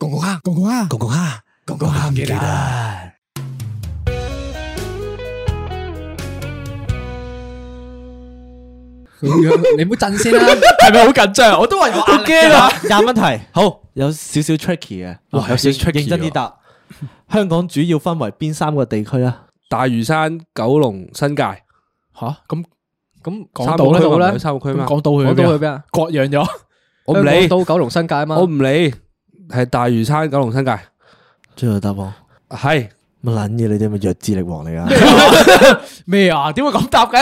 講講下，講講下，講講下，講講下，記得。你唔好震先啦，係咪好緊張？我都話有壓力。廿蚊題，好有少少 tricky 嘅。哇，有少少 tricky。認真啲答。香港主要分為邊三個地區啊？大嶼山、九龍、新界。吓，咁咁講到去咧，三個區嘛。講到去，講到去邊啊？割讓咗，我唔理。都九龍新界啊嘛，我唔理。係大嶼山、九龍、新界，最後答我係乜撚嘢？你哋咪弱智力王嚟噶？咩啊？ 點會咁答嘅？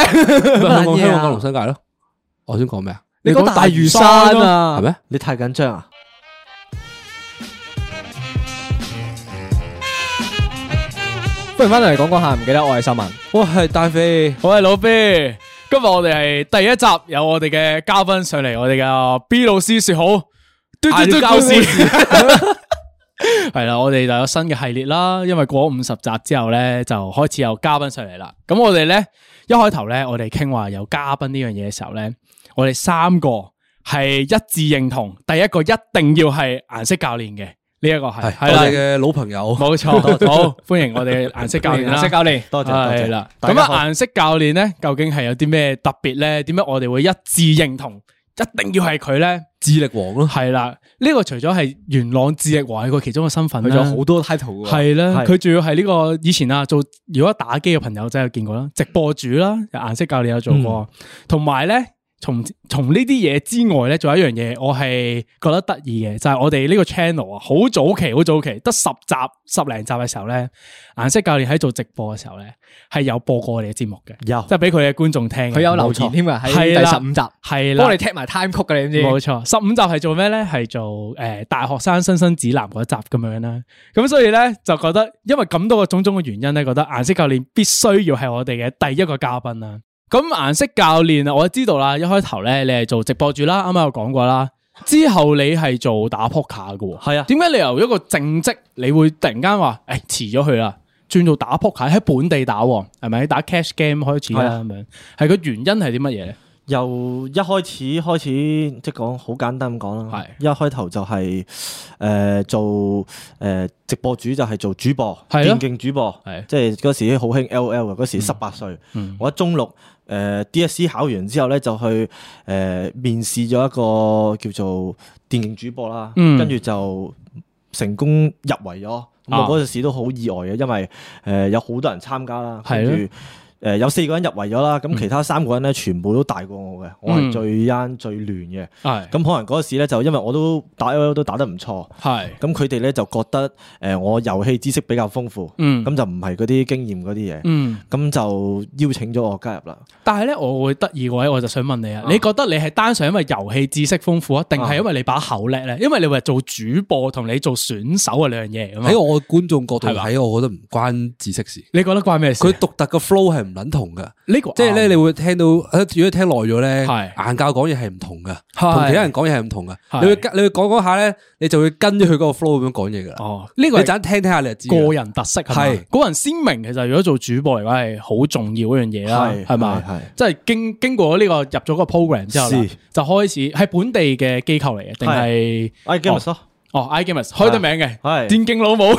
我 講香港，香港 九龍新界咯。我先講咩啊？你講大嶼山啊？係咩？你太緊張啊！歡迎翻嚟講講下，唔記得我係秀文。哦、我係大飛，我係老飛。今日我哋係第一集，有我哋嘅嘉賓上嚟，我哋嘅 B 老師說好。顏色教師係啦，我哋就有新嘅系列啦。因為過咗五十集之後咧，就開始有嘉賓上嚟啦。咁我哋咧一開頭咧，我哋傾話有嘉賓呢樣嘢嘅時候咧，我哋三個係一致認同，第一個一定要係顏色教練嘅呢一個係，係你嘅老朋友，冇錯，好歡迎我哋顏色教練，顏色教練，多謝係啦。咁啊，顏色教練咧，究竟係有啲咩特別咧？點解我哋會一致認同？一定要係佢咧，智力王咯，係啦。呢個除咗係元朗智力王，係佢其中個身份，佢仲有好多 title。係啦，佢仲要係呢個以前啊，做如果打機嘅朋友真係有見過啦，直播主啦，顏色教練有做過，同埋咧。從從呢啲嘢之外咧，仲有一樣嘢，我係覺得得意嘅，就係我哋呢個 channel 啊，好早期好早期，得十集十零集嘅時候咧，顏色教練喺做直播嘅時候咧，係有播過我哋嘅節目嘅，有，即係俾佢嘅觀眾聽，佢有留言添啊，係錯第十五集，係幫了我哋踢埋 time 曲嘅，你知冇錯，十五集係做咩咧？係做誒大學生新生指南嗰集咁樣啦，咁所以咧就覺得，因為咁多個種種嘅原因咧，覺得顏色教練必須要係我哋嘅第一個嘉賓啦。咁顏色教練啊，我知道啦。一開頭咧，你係做直播主啦，啱啱我講過啦。之後你係做打撲克嘅，係是啊。點解你由一個正職，你會突然間話誒辭咗去啦，轉做打撲克喺本地打，係咪？打 cash game 開始啦，咁樣係個原因係啲乜嘢咧？由一開始開始，即係講好簡單咁講啦。係是、啊、一開頭就係、是、誒、呃、做誒直播主，就係做主播電競主播，即係嗰時好興 L L 嘅嗰時歲，十八歲我喺中六。誒 DSE 考完之後咧，就去誒面試咗一個叫做電影主播啦，跟住、嗯、就成功入圍咗。咁啊，嗰陣時都好意外嘅，因為誒有好多人參加啦，跟住的。誒有四個人入圍咗啦，咁其他三個人咧，全部都大過我嘅，我係最晏最亂嘅。咁可能嗰時咧，就因為我都打 L.O. 都打得唔錯，係咁佢哋咧，就覺得誒我遊戲知識比較豐富，嗯，咁就唔係嗰啲經驗嗰啲嘢，嗯，咁就邀請咗我加入啦。但係咧我會得意嘅位我就想問你啊，你覺得你係單純因為遊戲知識豐富啊，定係因為你把口叻咧？因為你話做主播同你做選手啊兩樣嘢。喺我觀眾角度睇，我覺得唔關知識事。你覺得關咩事？佢獨特嘅 flow 係。唔捻同噶，呢個即係咧，你會聽到，如果聽耐咗咧，係顏教講嘢係唔同噶，同其他人講嘢係唔同噶。你會你會講講下咧，你就會跟住佢嗰個 flow 咁樣講嘢噶。哦，呢個你就聽聽下你個人特色係個人鮮明，其實如果做主播嚟講係好重要一樣嘢啦，係咪？係即係經經過呢個入咗嗰個 program 之後，就開始係本地嘅機構嚟嘅，定係 i games 哦，i games 開得名嘅，電競老母。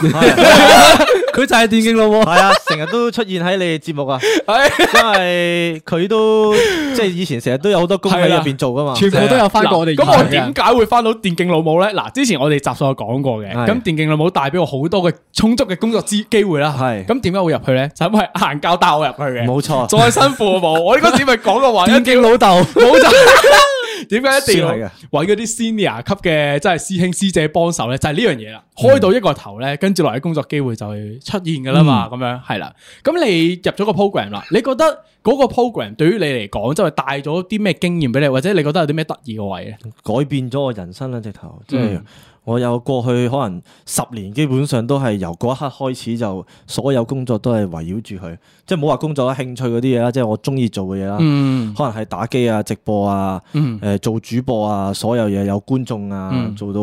佢就係電競老母，係 啊，成日都出現喺你哋節目 啊，因為佢都即係以前成日都有好多工喺入邊做噶嘛，全部都有翻過我哋。咁、啊、我點解會翻到電競老母咧？嗱，之前我哋集數有講過嘅，咁、啊、電競老母帶俾我好多嘅充足嘅工作之機會啦。係、啊，咁點解我入去咧？就係、是、行教帶我入去嘅，冇錯、啊。再生父母，我呢個點係講嘅話， 電競老豆冇錯。點解一定要搵嗰啲 senior 級嘅即係師兄師姐幫手咧？就係、是、呢樣嘢啦，開到一個頭咧，跟住落嚟啲工作機會就會出現噶啦嘛，咁、嗯、樣係啦。咁你入咗個 program 啦，你覺得嗰個 program 對於你嚟講，即係帶咗啲咩經驗俾你，或者你覺得有啲咩得意嘅位啊？改變咗我人生啦，直頭即係。嗯我有過去可能十年基本上都係由嗰一刻開始就所有工作都係圍繞住佢，即係冇話工作啦、興趣嗰啲嘢啦，即係我中意做嘅嘢啦，嗯、可能係打機啊、直播啊、誒、嗯呃、做主播啊，所有嘢有觀眾啊，嗯、做到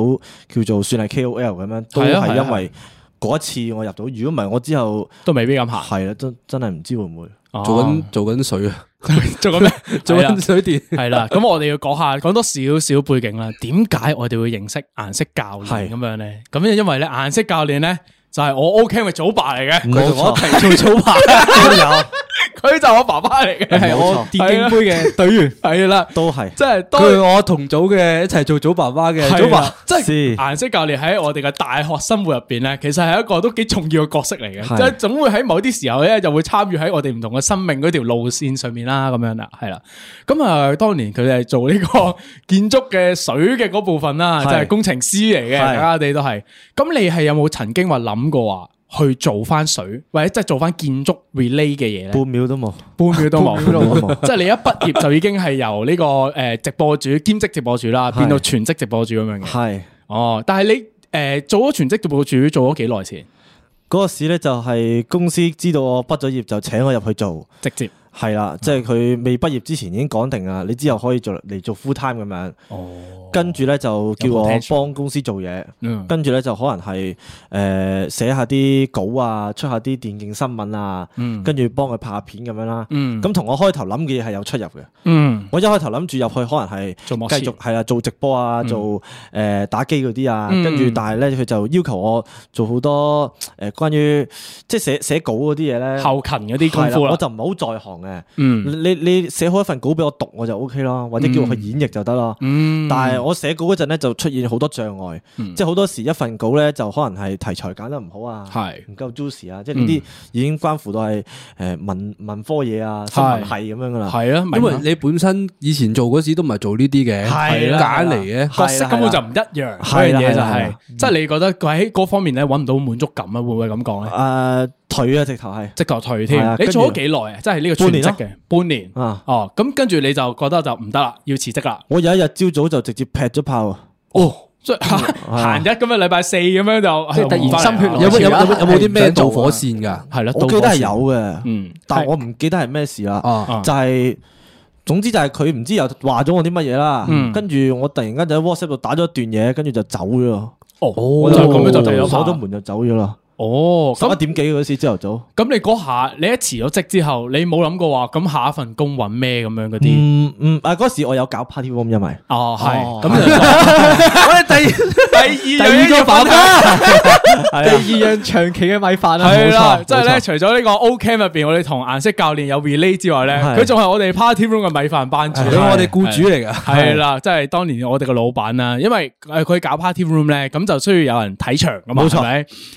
叫做算係 KOL 咁樣，都係因為嗰一次我入到，如果唔係我之後都未必咁行，係啦，真真係唔知會唔會。做緊做緊水啊！做緊咩？ 做緊 水電係啦。咁 我哋要講下，講多少少背景啦。點解我哋會認識顏色教練咁樣咧？咁因為咧，顏色教練咧，就係我 O K 係祖爸嚟嘅，佢同我一齊做祖爸，佢就係我爸爸嚟嘅，係我電競杯嘅隊員，係啦，都係即係佢我同組嘅一齊做祖爸爸嘅祖爸，即係顏色教練喺我哋嘅大學生活入邊咧，其實係一個都幾重要嘅角色嚟嘅，即係總會喺某啲時候咧就會參與喺我哋唔同嘅生命嗰條路線上面啦，咁樣啦，係啦，咁啊當年佢哋係做呢個建築嘅水嘅嗰部分啦，就係工程師嚟嘅，大家哋都係，咁你係有冇曾經話諗？過話去做翻水，或者即係做翻建築 relay 嘅嘢咧？半秒都冇，半秒都冇， 即係你一畢業就已經係由呢個誒直播主 兼職直播主啦，變到全職直播主咁樣嘅。係是哦，但係你誒、呃、做咗全職直播主做咗幾耐前？嗰個時咧就係公司知道我畢咗業就請我入去做直接。係啦，即係佢未畢業之前已經講定啊！你之後可以做嚟做 full time 咁樣，跟住咧就叫我幫公司做嘢，跟住咧就可能係誒寫下啲稿啊，出下啲電競新聞啊，跟住幫佢拍片咁樣啦。咁同我開頭諗嘅嘢係有出入嘅。我一開頭諗住入去可能係做繼續係啊，做直播啊，做誒打機嗰啲啊，跟住但係咧佢就要求我做好多誒關於即係寫寫稿嗰啲嘢咧，後勤嗰啲功夫我就唔係好在行嘅。誒，你你寫好一份稿俾我讀我就 O K 啦，或者叫我去演繹就得啦。但係我寫稿嗰陣咧就出現好多障礙，即係好多時一份稿咧就可能係題材揀得唔好啊，唔夠 juicy 啊，即係呢啲已經關乎到係誒文文科嘢啊，新聞系咁樣噶啦。係咯，因為你本身以前做嗰時都唔係做呢啲嘅，係啦，揀嚟嘅角色根本就唔一樣。嗰樣嘢就係，即係你覺得佢喺嗰方面咧揾唔到滿足感啊？會唔會咁講咧？誒。退啊！直頭係，直頭退添。你做咗幾耐啊？即係呢個全職嘅半年。啊哦，咁跟住你就覺得就唔得啦，要辭職啦。我有一日朝早就直接劈咗炮。啊。哦，即係閒日咁啊，禮拜四咁樣就即係突然心血來潮有冇啲咩做火線噶？係啦，我記得係有嘅。但係我唔記得係咩事啦。就係總之就係佢唔知又話咗我啲乜嘢啦。跟住我突然間就喺 WhatsApp 度打咗一段嘢，跟住就走咗。哦，我就咁樣就提咗，鎖咗門就走咗啦。哦，十一點幾嗰時朝頭早，咁你嗰下你一辭咗職之後，你冇諗過話咁下一份工搵咩咁樣嗰啲？嗯嗯，啊嗰時我有搞 party room 因為哦係，咁我哋第第二第二個版本。第二樣長期嘅米飯啊，係啦，即係咧，除咗呢個 Ocamp 入邊，我哋同顏色教練有 relate 之外咧，佢仲係我哋 party room 嘅米飯班主，我哋僱主嚟噶，係啦，即係當年我哋嘅老闆啦，因為佢搞 party room 咧，咁就需要有人睇場噶嘛，冇錯，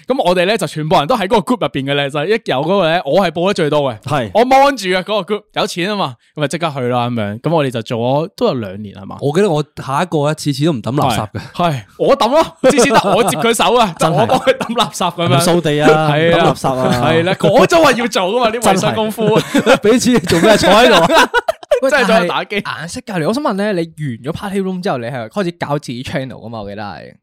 咁我哋咧就全部人都喺嗰個 group 入邊嘅咧，就一有嗰個咧，我係報得最多嘅，係我 mon 住啊，嗰個 group，有錢啊嘛，咁咪即刻去啦咁樣，咁我哋就做咗都有兩年係嘛，我記得我下一個啊，次次都唔抌垃圾嘅，係我抌咯，次次得我接佢手啊。抌垃圾咁樣，掃地啊，係啊，垃圾啊，係啦，嗰種係要做噶嘛，啲衞生功夫，俾錢做咩坐喺度？真係再打機，顏色教練。我想問咧，你完咗 party room 之後，你係開始搞自己 channel 噶嘛？我記得係，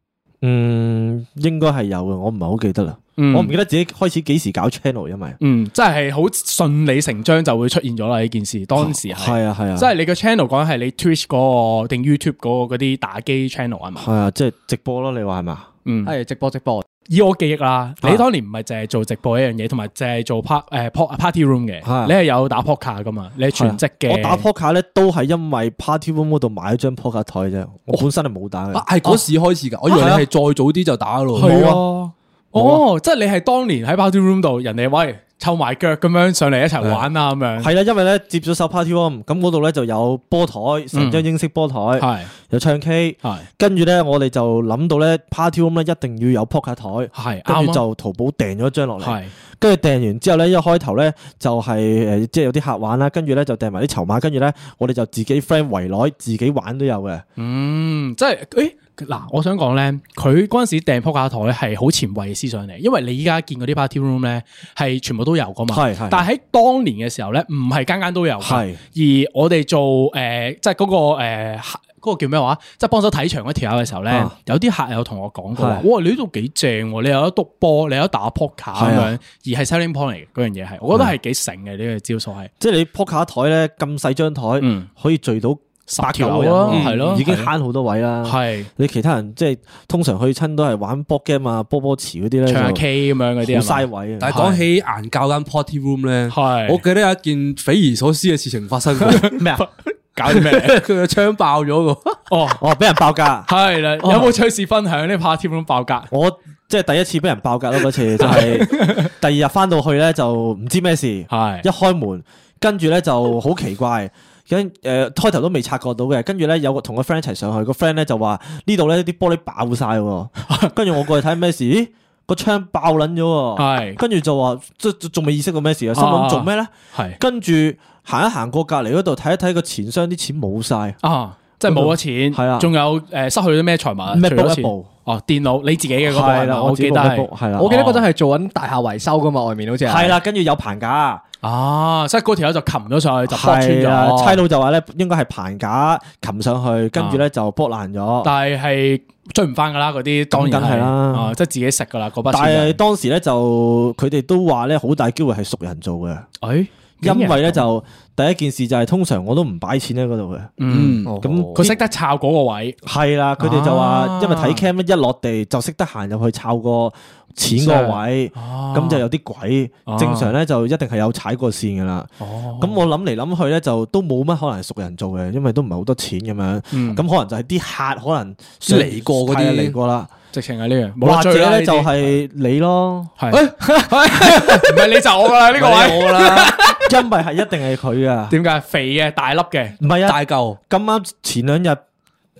嗯，應該係有嘅，我唔係好記得啦。我唔記得自己開始幾時搞 channel，因為，嗯，即係好順理成章就會出現咗啦。呢件事當時係啊係啊，即係你個 channel 講係你 Twitch 嗰個定 YouTube 嗰個嗰啲打機 channel 係嘛？係啊，即係直播咯，你話係嘛？嗯，係直播直播。以我記憶啦，啊、你當年唔係淨係做直播一樣嘢，同埋淨係做 part 誒、uh, p a r t y room 嘅，啊、你係有打 poker、ok、㗎嘛？你係全職嘅、啊。我打 poker、ok、咧都係因為 party room 嗰度買咗張 poker 台啫，我本身係冇打嘅。係嗰、啊、時開始㗎，我以為你係再早啲就打咯。係啊，啊啊哦，哦即係你係當年喺 party room 度人哋喂，湊埋腳咁樣上嚟一齊玩啊咁樣，係啦，因為咧接咗首 party room，咁嗰度咧就有波台，成張英式波台，係、嗯，有唱 K，係的，跟住咧我哋就諗到咧 party room 咧一定要有撲克台，係的，跟住就淘寶訂咗一張落嚟，係的，跟住訂完之後咧，一開頭咧就係誒，即係有啲客玩啦，跟住咧就訂埋啲籌碼，跟住咧我哋就自己 friend 圍內自己玩都有嘅，嗯，即係誒。嗱，我想講咧，佢嗰陣時訂撲克台係好前衛嘅思想嚟，因為你依家見嗰啲 party room 咧係全部都有噶嘛，係。但係喺當年嘅時候咧，唔係間間都有，係是。而我哋做誒、呃，即係嗰、那個誒，嗰、呃那個叫咩話，即係幫手睇場嗰條友嘅時候咧，啊、有啲客人有同我講過，是哇，你呢度幾正，你有得督波，你有得打撲克咁樣，啊、而係 selling point 嚟嘅嗰樣嘢係，我覺得係幾醒嘅呢個招數係。即係你撲克台咧咁細張台，可以聚到。八九人係咯，已經慳好多位啦。係你其他人即係通常去親都係玩 board game 啊、波波池嗰啲咧，唱 K 咁樣嗰啲啊，好嘥位。但係講起顏教間 party room 咧，係我記得有一件匪夷所思嘅事情發生過。咩啊？搞啲咩？佢個槍爆咗噶。哦，我俾人爆格。係啦，有冇趣事分享呢？party room 爆格？我即係第一次俾人爆格咯，嗰次就係第二日翻到去咧，就唔知咩事。係一開門，跟住咧就好奇怪。咁誒開頭都未察覺到嘅，跟住咧有個同個 friend 一齊上去，個 friend 咧就話呢度咧啲玻璃爆曬，跟住我過去睇咩事？個窗爆撚咗，係跟住就話即仲未意識到咩事啊？心諗做咩咧？係跟住行一行過隔離嗰度睇一睇個錢箱啲錢冇晒，啊，即係冇咗錢，係啦，仲有誒失去咗咩財物？除咗一部哦電腦，你自己嘅嗰部，我記得係，係啦，我記得嗰陣係做緊大廈維修噶嘛，外面好似係啦，跟住有棚架。啊！即係嗰條友就擒咗上，上去，啊、就剝穿咗。差佬就話咧，應該係棚架擒上去，跟住咧就剝爛咗。但係係追唔翻噶啦，嗰啲當然係。啊，即係自己食噶啦，嗰筆錢。但係當時咧就佢哋、嗯、都話咧，好大機會係熟人做嘅。誒、哎。因為咧就第一件事就係通常我都唔擺錢喺嗰度嘅，嗯，咁佢識得抄嗰個位，係啦，佢哋就話因為睇 cam 一落地就識得行入去抄個錢個位，咁就有啲鬼。正常咧就一定係有踩過線嘅啦。咁我諗嚟諗去咧就都冇乜可能係熟人做嘅，因為都唔係好多錢咁樣，咁可能就係啲客可能嚟過啲嚟過啦。直情係呢樣，或者咧就係你咯，係唔係你就我噶啦，呢個位我，因為係一定係佢啊？點解肥嘅大粒塊嘅，唔係啊大嚿。咁啱前兩日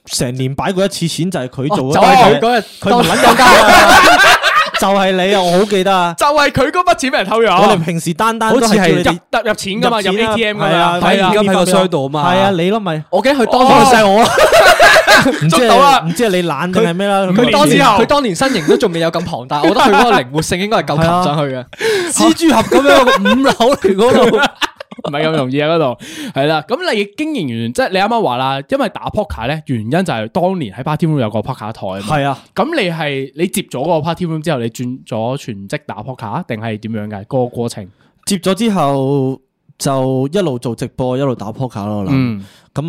成年擺過一次錢就係佢做，哦，就係佢嗰日佢搵咗家。 就係你啊！我好記得啊！就係佢嗰筆錢俾人偷咗。我哋平時單單都係入入錢噶嘛，入 ATM 啊。噶嘛，而家喺個衰度啊嘛。係啊，你咯咪？我驚佢當年就晒我啦，捉到啦！唔知係你懶定係咩啦？佢當時佢當年身形都仲未有咁龐大，我覺得佢嗰個靈活性應該係夠擒上去嘅，蜘蛛俠咁樣五樓嚟嗰度。唔係咁容易啊！嗰度係啦，咁你經營完，即係你啱啱話啦，因為打撲克咧，原因就係當年喺 party room 有個撲克台。係啊，咁你係你接咗個 party room 之後，你轉咗全職打撲克，定係點樣嘅、個過程？接咗之後。就一路做直播，一路打撲卡咯。咁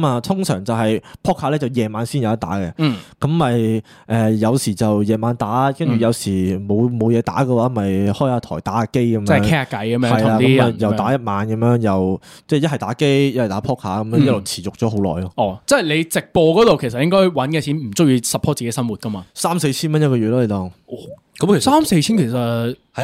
啊、嗯，通常就係撲卡咧，就夜晚先有得打嘅。咁咪誒有時就夜晚打，跟住有時冇冇嘢打嘅話，咪開下台打下機咁樣。即係傾下偈咁樣。係啊，又打一晚咁樣，又即係一係打機，一係打撲卡，咁樣一路持續咗好耐咯。哦，即係你直播嗰度其實應該揾嘅錢唔足以 support 自己生活噶嘛？三四千蚊一個月咯、啊，你當。咁三四千其實係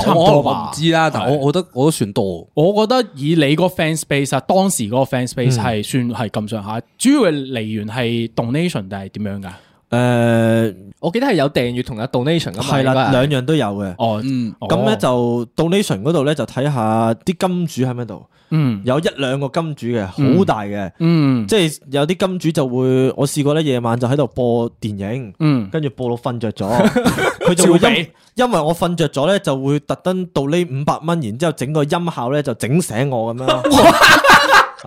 差唔多我唔知啦，但我我覺得我都算多。我覺得以你個 fans base 啊，當時嗰個 fans base 係算係咁上下。主要嘅嚟源係 donation 定係點樣噶誒，我記得係有訂閱同埋 donation 咁係啦，兩樣都有嘅。哦，嗯，咁咧就 donation 嗰度咧就睇下啲金主喺邊度。嗯，有一兩個金主嘅，好大嘅、嗯，嗯，即係有啲金主就會，我試過咧夜晚就喺度播電影，嗯，跟住播到瞓着咗，佢、嗯、就會因， 因為我瞓着咗咧，就會特登到呢五百蚊，然之後整個音效咧就整醒我咁樣。哇 即係點啊？你嗰個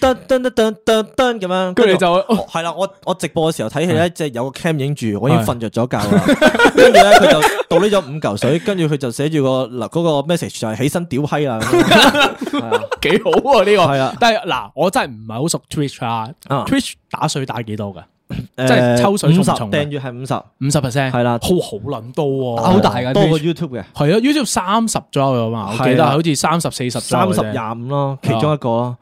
噔噔噔噔噔咁樣，跟住就係啦。我我直播嘅時候睇戲咧，是即係有個 cam 影住，我已經瞓着咗覺。跟住咧，佢就倒呢咗五嚿水，跟住佢就寫住個嗱嗰個 message 就係起身屌閪啦。係 啊，幾好啊呢、這個。係 啊，但係嗱，我真係唔係好熟 Twitch 啊、嗯。Twitch 打水打幾多噶？即係抽水重重，訂閱係五十，五十 percent 係啦，哇，好捻多喎，好大嘅，多過 YouTube 嘅，係咯，YouTube 三十左右啊嘛，我記得係好似三十四十，三十廿五咯，其中一個咯，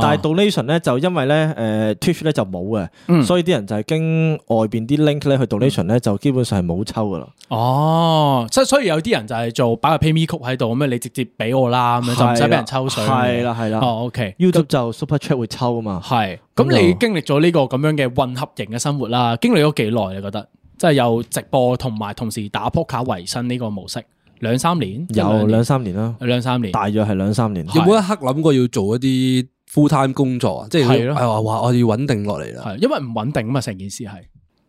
但係 Donation 咧就因為咧，誒，Twitch 咧就冇嘅，所以啲人就係經外邊啲 link 咧去 Donation 咧就基本上係冇抽噶啦，哦，所所以有啲人就係做擺個 PayMe 曲喺度咁樣，你直接俾我啦咁樣就唔使俾人抽水，係啦係啦，OK，YouTube 就 SuperChat 會抽啊嘛，係。咁你經歷咗呢個咁樣嘅混合型嘅生活啦，經歷咗幾耐？你覺得即係有直播同埋同時打撲克維生呢個模式兩三年，就係兩年有兩三年啦，兩三年大約係兩三年。係。有冇一刻諗過要做一啲 full time 工作啊？即係係話哇，我要穩定落嚟啦。係因為唔穩定啊嘛，成件事係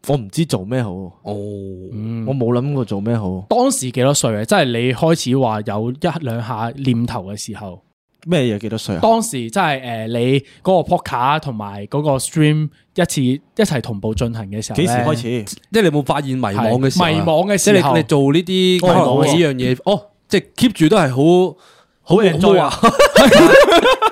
我唔知做咩好。哦，嗯、我冇諗過做咩好。當時幾多歲啊？即係你開始話有一兩下念頭嘅時候。咩嘢？幾多歲啊？當時即係誒，你嗰個 podcast 同埋嗰個 stream 一次一齊同步進行嘅時候，幾時開始？即係你冇發現迷惘嘅時候？迷惘嘅時候，你，你做呢啲呢樣嘢，哦，即係 keep 住都係好，好啊。enjoy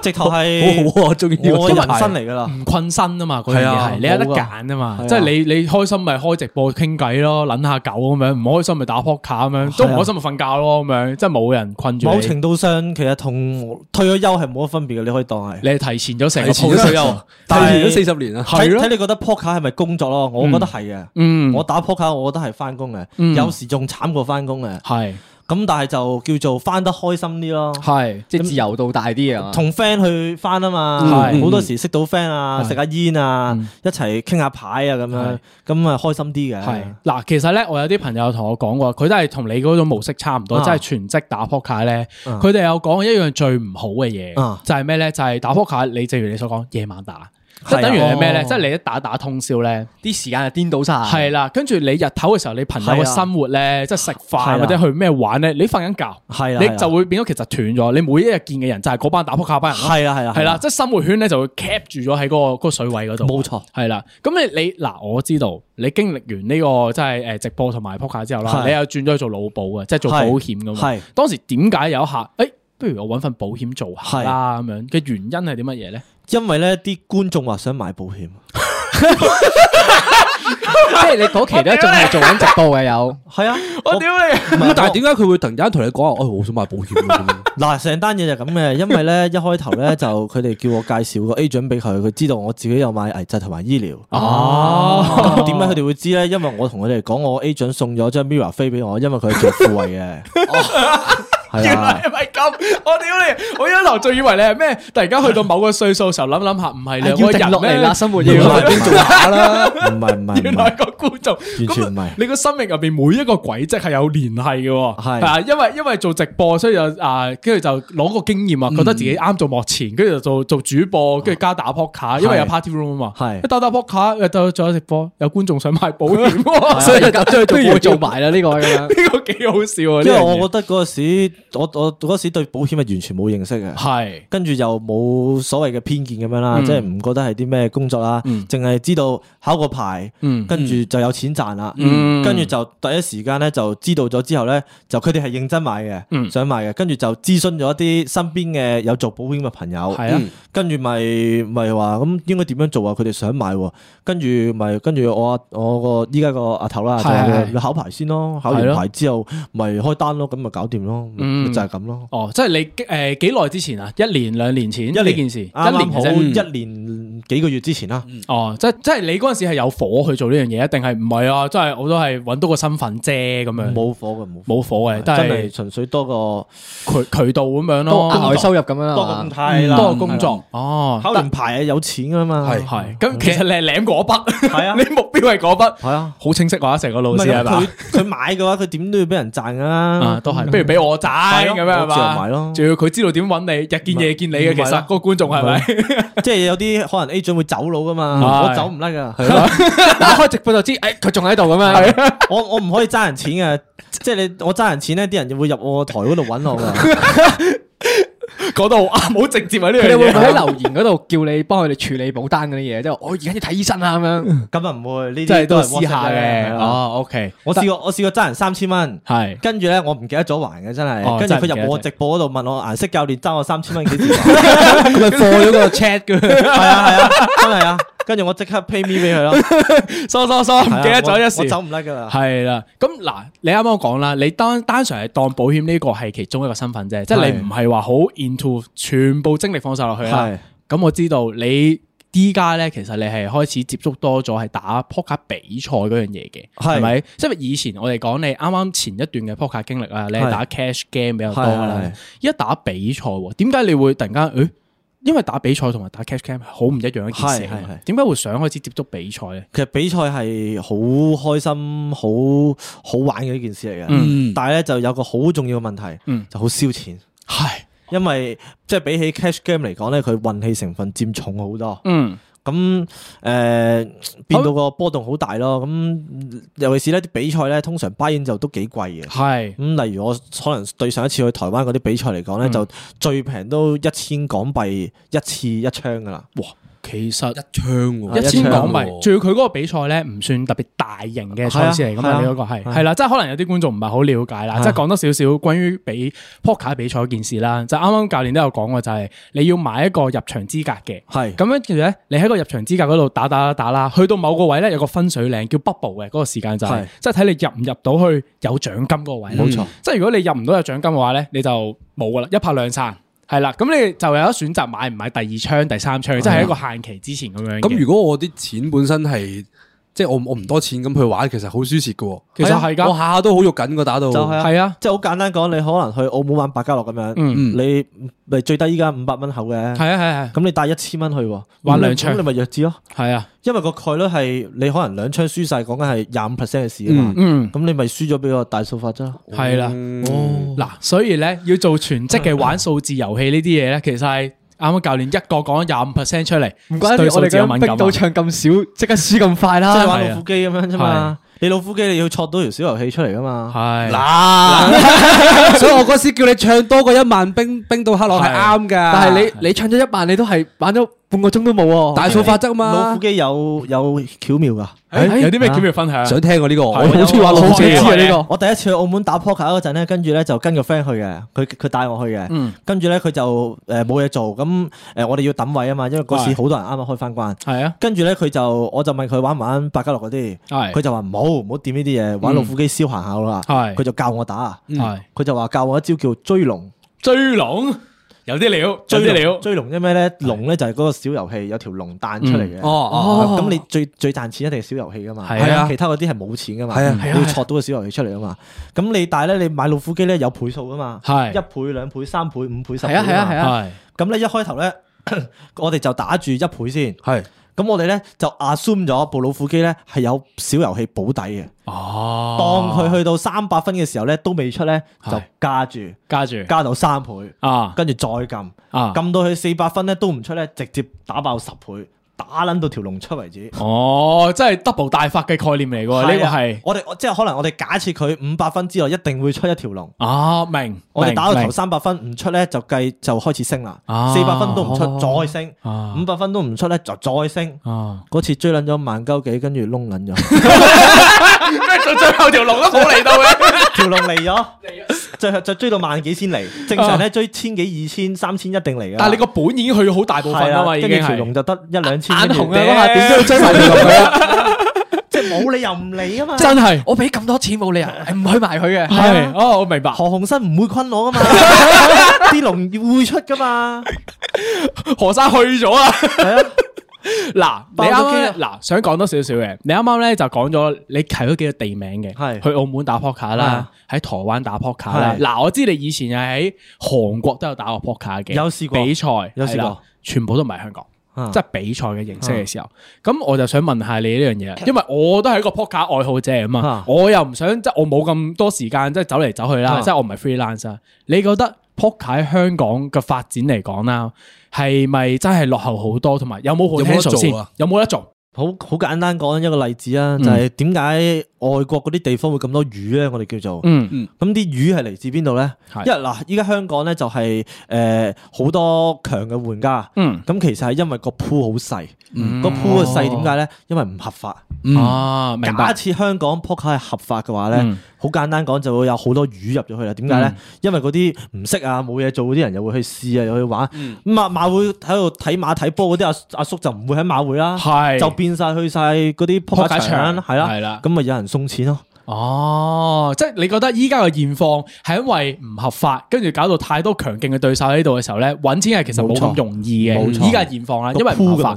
直頭係好好啊！我中意呢人生嚟噶啦，唔困身啊嘛。嗰樣嘢係你有得揀啊嘛，即係你你開心咪開直播傾偈咯，捻下狗咁樣，唔開心咪打撲克咁樣，都唔開心咪瞓覺咯咁樣，即係冇人困住。某程度上，其實同退咗休係冇乜分別嘅，你可以當係你係提前咗成個退休，提前咗四十年啊。睇睇你覺得撲克係咪工作咯？我覺得係嘅。嗯，我打撲克我覺得係翻工嘅，有時仲慘過翻工嘅。係。咁但係就叫做翻得開心啲咯，係即係自由度大啲、嗯、啊，同 friend 去翻啊嘛，好多時識到 friend 啊，食下煙啊，一齊傾下牌啊咁樣，咁啊開心啲嘅。係嗱，其實咧我有啲朋友同我講過，佢都係同你嗰種模式差唔多，即係、啊、全職打撲卡咧，佢哋有講一樣最唔好嘅嘢、啊，就係咩咧？就係打撲卡，你正如你所講，夜晚打。即等於係咩咧？即係你一打打通宵咧，啲時間就顛倒晒。係啦，跟住你日頭嘅時候，你朋友嘅生活咧，即係食飯或者去咩玩咧，你瞓緊覺，係啦，你就會變咗其實斷咗。你每一日見嘅人就係嗰班打撲克班人。係啊係啊，係啦，即係生活圈咧就會 cap 住咗喺嗰個嗰個水位嗰度。冇錯，係啦。咁你你嗱，我知道你經歷完呢個即係誒直播同埋撲克之後啦，你又轉咗去做老保嘅，即係做保險咁。係當時點解有一下誒？不如我搵份保險做下係啦咁樣嘅原因係啲乜嘢咧？因為咧啲觀眾話想買保險，即係 你嗰期咧仲係做緊直播嘅有，係又啊，我屌你！但係點解佢會突然間同你講，哎，我好想買保險。嗱，成單嘢就咁嘅，因為咧一開頭咧就佢哋叫我介紹個 agent 俾佢，佢知道我自己有買危疾同埋醫療。哦、啊，咁點解佢哋會知咧？因為我同佢哋講，我 agent 送咗張 Mirror 飛俾我，因為佢係做富衛嘅。 原來啊，係咪咁？我屌你，我一頭仲以為你係咩？突然間去到某個歲數嘅時候諗諗下，唔係兩個人嚟咩？生活要喺邊做下啦，唔係唔係。原來個觀眾完全唔係。你個生命入邊每一個軌跡係有聯繫嘅，係啊，因為因為做直播，所以就啊，跟住就攞個經驗啊，覺得自己啱做幕前，跟住就做做主播，跟住加打撲克，因為有 party room 啊嘛，係打打撲克，又到做一直播，有觀眾想買保險，所以就，所以都要做埋啦呢個，呢個幾好笑啊！因為我覺得嗰時。我我嗰時對保險係完全冇認識嘅，係跟住又冇所謂嘅偏見咁樣啦，即係唔覺得係啲咩工作啦，淨係知道考個牌，跟住就有錢賺啦，跟住就第一時間咧就知道咗之後咧，就佢哋係認真買嘅，想買嘅，跟住就諮詢咗一啲身邊嘅有做保險嘅朋友，係啊，跟住咪咪話咁應該點樣做啊？佢哋想買，跟住咪跟住我我個依家個阿頭啦，就考牌先咯，考完牌之後咪開單咯，咁咪搞掂咯。嗯，就係咁咯。哦，即係你誒幾耐之前啊？一年兩年前呢件事，啱啱好一年幾個月之前啦。哦，即係即係你嗰陣時係有火去做呢樣嘢，一定係唔係啊？即係我都係揾到個身份啫咁樣。冇火冇火嘅，但係純粹多個渠渠道咁樣咯，額外收入咁樣多個動態，多個工作。哦，考牌啊，有錢㗎嘛。係咁其實你係舐嗰筆，係啊，你目標係嗰筆。係啊，好清晰啩？成個老師係嘛？佢買嘅話，佢點都要俾人賺噶啦。都係，不如俾我賺。買咁樣嘛，仲要佢知道點揾你，日見夜見你嘅，其實個觀眾係咪？即係有啲可能 agent 會走佬噶嘛，我走唔甩噶，開直播就知，誒，佢仲喺度咁樣啊！我我唔可以揸人錢嘅，即係你我揸人錢咧，啲人就會入我台嗰度揾我噶。嗰度啊，好直接喺呢樣嘢。佢哋會唔會喺留言嗰度叫你幫佢哋處理保單嗰啲嘢？即係我而家要睇醫生啊咁樣。咁啊唔會，呢啲都係私下嘅。哦，OK，我試過但 我試過爭人三千蚊，係是跟住咧我唔記得咗還嘅真係。哦、跟住佢入我直播嗰度問我顏色教練爭我三千蚊幾時還？佢咪過咗個 c h e c k 嘅。係 啊係啊，真係啊！跟住我即刻 pay me 俾佢咯，疏疏唔記得咗一時，我走唔甩噶啦。係啦，咁嗱，你啱啱講啦，你單單純係當保險呢個係其中一個身份啫，即係是的 你唔係話好 into，全部精力放晒落去啦。咁是的 我知道你依家咧，其實你係開始接觸多咗係打撲克、ok、比賽嗰樣嘢嘅，係咪？是的 即係以前我哋講你啱啱前一段嘅撲克經歷啊，你係打 cash game 比較多啦，是的是的一打比賽，點解你會突然間誒？哎因為打比賽同埋打 cash game 係好唔一樣嘅一件事。係點解會想開始接觸比賽呢？其實比賽係好開心、好好玩嘅一件事嚟嘅。嗯、但係咧就有個好重要嘅問題，嗯、就好燒錢。係因為即係比起 cash game 嚟講咧，佢運氣成分佔重好多。嗯。咁誒、嗯、變到個波動好大咯，咁尤其是呢啲比賽呢，通常巴煙就都幾貴嘅。係咁是，例如我可能對上一次去台灣嗰啲比賽嚟講呢，嗯、就最平都一千港幣一次一槍㗎啦，哇。其實一槍喎，一千港幣。仲要佢嗰個比賽咧，唔算特別大型嘅賽事嚟㗎嘛。你嗰個係係啦，即係可能有啲觀眾唔係好了解啦。即係講多少少關於比 poker 比賽嗰件事啦。就啱啱教練都有講過，就係你要買一個入場資格嘅。係咁樣，其實咧，你喺個入場資格嗰度打打打打啦，去到某個位咧有個分水嶺叫 bubble 嘅嗰個時間就係，即係睇你入唔入到去有獎金嗰個位。冇錯，即係如果你入唔到有獎金嘅話咧，你就冇㗎啦，一拍兩散。係啦，咁你就有得選擇買唔買第二槍、第三槍，即係、啊、一個限期之前咁樣。咁如果我啲錢本身係。即係我我唔多錢咁去玩，其實好輸蝕嘅。其實係噶，我下下都好肉緊個打到。就係係啊，即係好簡單講，你可能去澳門玩百家樂咁樣，你咪最低依家五百蚊口嘅。係啊係啊。咁你帶一千蚊去，玩兩槍，咁你咪弱智咯。係啊，因為個概率係你可能兩槍輸晒，講緊係廿五 percent 嘅事啊嘛。嗯。咁你咪輸咗俾個大數法則咯。係啦。哦。嗱，所以咧要做全職嘅玩數字遊戲呢啲嘢咧，其實係。啱啱教練一個講咗廿五 percent 出嚟，唔怪得我哋咁樣逼到唱咁少，即 刻輸咁快啦。即係玩老虎機咁樣啫的嘛，你老虎機你要錯到條小遊戲出嚟噶嘛。係，嗱，所以我嗰時叫你唱多過一萬冰冰島黑龍係啱噶，的但係你的你唱咗一萬你都係玩咗。半個鐘都冇喎，大數法則嘛，老虎機有有巧妙噶，有啲咩巧妙分享？想聽我呢個，我好中意玩老虎機啊呢個。我第一次去澳門打撲克嗰陣咧，跟住咧就跟個 friend 去嘅，佢佢帶我去嘅，跟住咧佢就誒冇嘢做，咁誒我哋要等位啊嘛，因為嗰時好多人啱啱開翻關，係啊，跟住咧佢就我就問佢玩唔玩百家樂嗰啲，佢就話唔好，唔好掂呢啲嘢，玩老虎機消閒下啦，係，佢就教我打，佢就話教我一招叫追龍，追龍。有啲料，追啲料，追龍即咩咧？龍咧就係嗰個小遊戲，有條龍彈出嚟嘅。哦哦，咁你最最賺錢一定係小遊戲噶嘛？係啊，其他嗰啲係冇錢噶嘛？係啊，你要戳到個小遊戲出嚟啊嘛？咁你但係咧，你買老虎機咧有倍數噶嘛？係一倍、兩倍、三倍、五倍、十倍。係啊係啊係。咁咧一開頭咧，我哋就打住一倍先。係。咁我哋咧就 assume 咗部老虎機咧係有小遊戲保底嘅，啊、當佢去到三百分嘅時候咧都未出咧是就加住，加住加到三倍，跟住、啊、再撳，撳、啊、到佢四百分咧都唔出咧直接打爆十倍。打捻到條龍出為止。哦，真係 double 大法嘅概念嚟嘅喎，呢個係。我哋即係可能我哋假設佢五百分之內一定會出一條龍。啊，明。我哋打到頭三百分唔出咧，就計就開始升啦。四百分都唔出，再升。五百分都唔出咧，就再升。嗰次追捻咗萬鳩幾，跟住窿捻咗。到最後條龍都冇嚟到嘅，條龍嚟咗。就就追到萬幾先嚟，正常咧追千幾二千三千一定嚟噶。但係你個本已經去咗好大部分啦嘛，跟住條龍就得一兩千，眼紅啊！我話點解要追埋佢啦？即係冇理由唔理啊嘛！真係，我俾咁多錢冇理由啊，唔去埋佢嘅。係哦，我明白。何鴻燊唔會昆我噶嘛，啲龍、 啊、會出噶嘛。 何生去咗啊！ 嗱，你啱啱嗱想講多少少嘅，你啱啱咧就講咗你提咗幾個地名嘅，係去澳門打 Poker 啦，喺台灣打 Poker 啦。嗱，我知你以前係喺韓國都有打過 Poker 嘅，有試過比賽，有試過，全部都唔係香港，即係比賽嘅形式嘅時候。咁我就想問下你呢樣嘢，因為我都係一個 Poker 愛好者啊嘛，我又唔想即係我冇咁多時間，即係走嚟走去啦，即係我唔係 freelancer。你覺得？撲街喺香港嘅發展嚟講啦，係咪真係落後好多？同埋有冇好做啊先？有冇得做？好好簡單講一個例子啊，就係點解，嗯外國嗰啲地方會咁多魚咧，我哋叫做，咁啲魚係嚟自邊度咧？因為嗱，依家香港咧就係誒好多強嘅玩家，咁其實係因為個 pool 好細，個 pool 嘅細點解咧？因為唔合法。啊，假設香港撲克係合法嘅話咧，好簡單講就會有好多魚入咗去啦。點解咧？因為嗰啲唔識啊、冇嘢做嗰啲人又會去試啊、又去玩。咁啊馬會喺度睇馬睇波嗰啲阿阿叔就唔會喺馬會啦，就變晒去晒嗰啲撲克場，係啦，咁啊有人。送錢咯、啊，哦，即係你覺得依家嘅現況係因為唔合法，跟住搞到太多強勁嘅對手喺度嘅時候咧，揾錢係其實冇咁容易嘅。依家冇錯，現況啦，因為冇法，